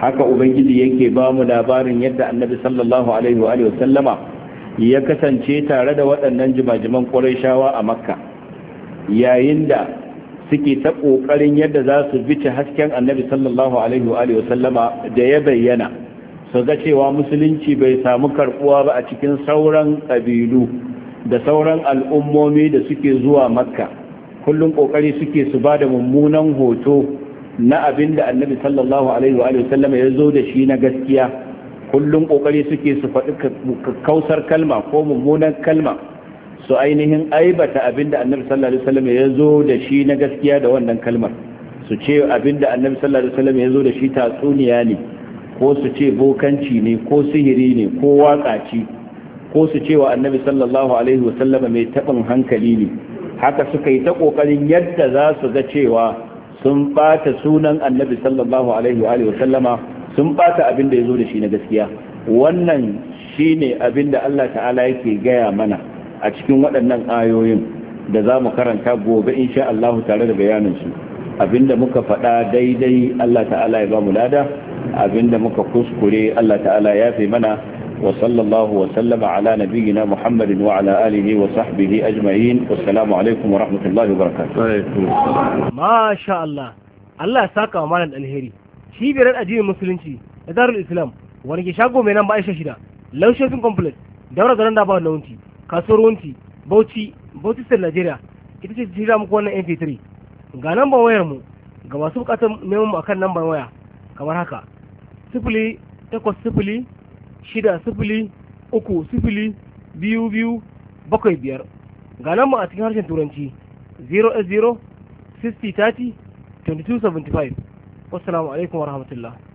haka ubangiji yake ba mu labarin yadda annabi sallallahu alaihi wa sallama ya kasance tare da waɗannan jimajiman ƙwarai a makka yayin da suke ta ƙoƙarin yadda za su bice hasken annabi sallallahu alaihi wa sallama da ya bayyana su ga cewa musulunci bai samu karɓuwa ba a cikin sauran ƙabilu da sauran al'ummomi da suke zuwa makka kullum kokari suke su ba da mummunan hoto na abin da annabi sallallahu alaihi wa sallama ya zo da shi na gaskiya kullum kokari suke su faɗi kausar kalma ko mummunan kalma su ainihin aibata abin da annabi sallallahu alaihi wa sallama ya zo da shi na gaskiya da wannan kalmar su ce abin da annabi sallallahu alaihi wa sallama ya zo da shi tatsuniya ne ko su ce bokanci ne ko sihiri ne ko waƙaci ko su cewa annabi sallallahu alaihi wasallama mai taɓin hankali ne haka suka yi ta ƙoƙarin yadda za su ga cewa sun ɓata sunan annabi sallallahu alaihi wa sallama sun ɓata abin da ya zo da shi na gaskiya wannan shi ne abin da Allah ta'ala yake gaya mana a cikin waɗannan ayoyin da za mu karanta gobe in sha Allah tare da bayaninsu abinda muka faɗa daidai Allah ta'ala ya ba mu lada abinda muka kuskure Allah ta'ala ya fi mana وصلى الله وسلم على نبينا محمد وعلى آله وصحبه أجمعين والسلام عليكم ورحمة الله وبركاته ما شاء الله الله ساكا ومانا الهيري شيبير الأدين المسلمين دار الإسلام wani ke shago mai nan ba aisha shida laushefin complex daura garin da ba na kasuwar wunti bauchi bauchi state nigeria ita ce jira muku wannan mp3 ga namban wayar mu ga masu bukatar neman akan namban waya kamar haka sifili sifili shida sifili uku sifili biyu biyu bakwai biyar ga nan a cikin harshen turanci 0 0 60 30 22 75 wassalamu alaikum rahmatullah.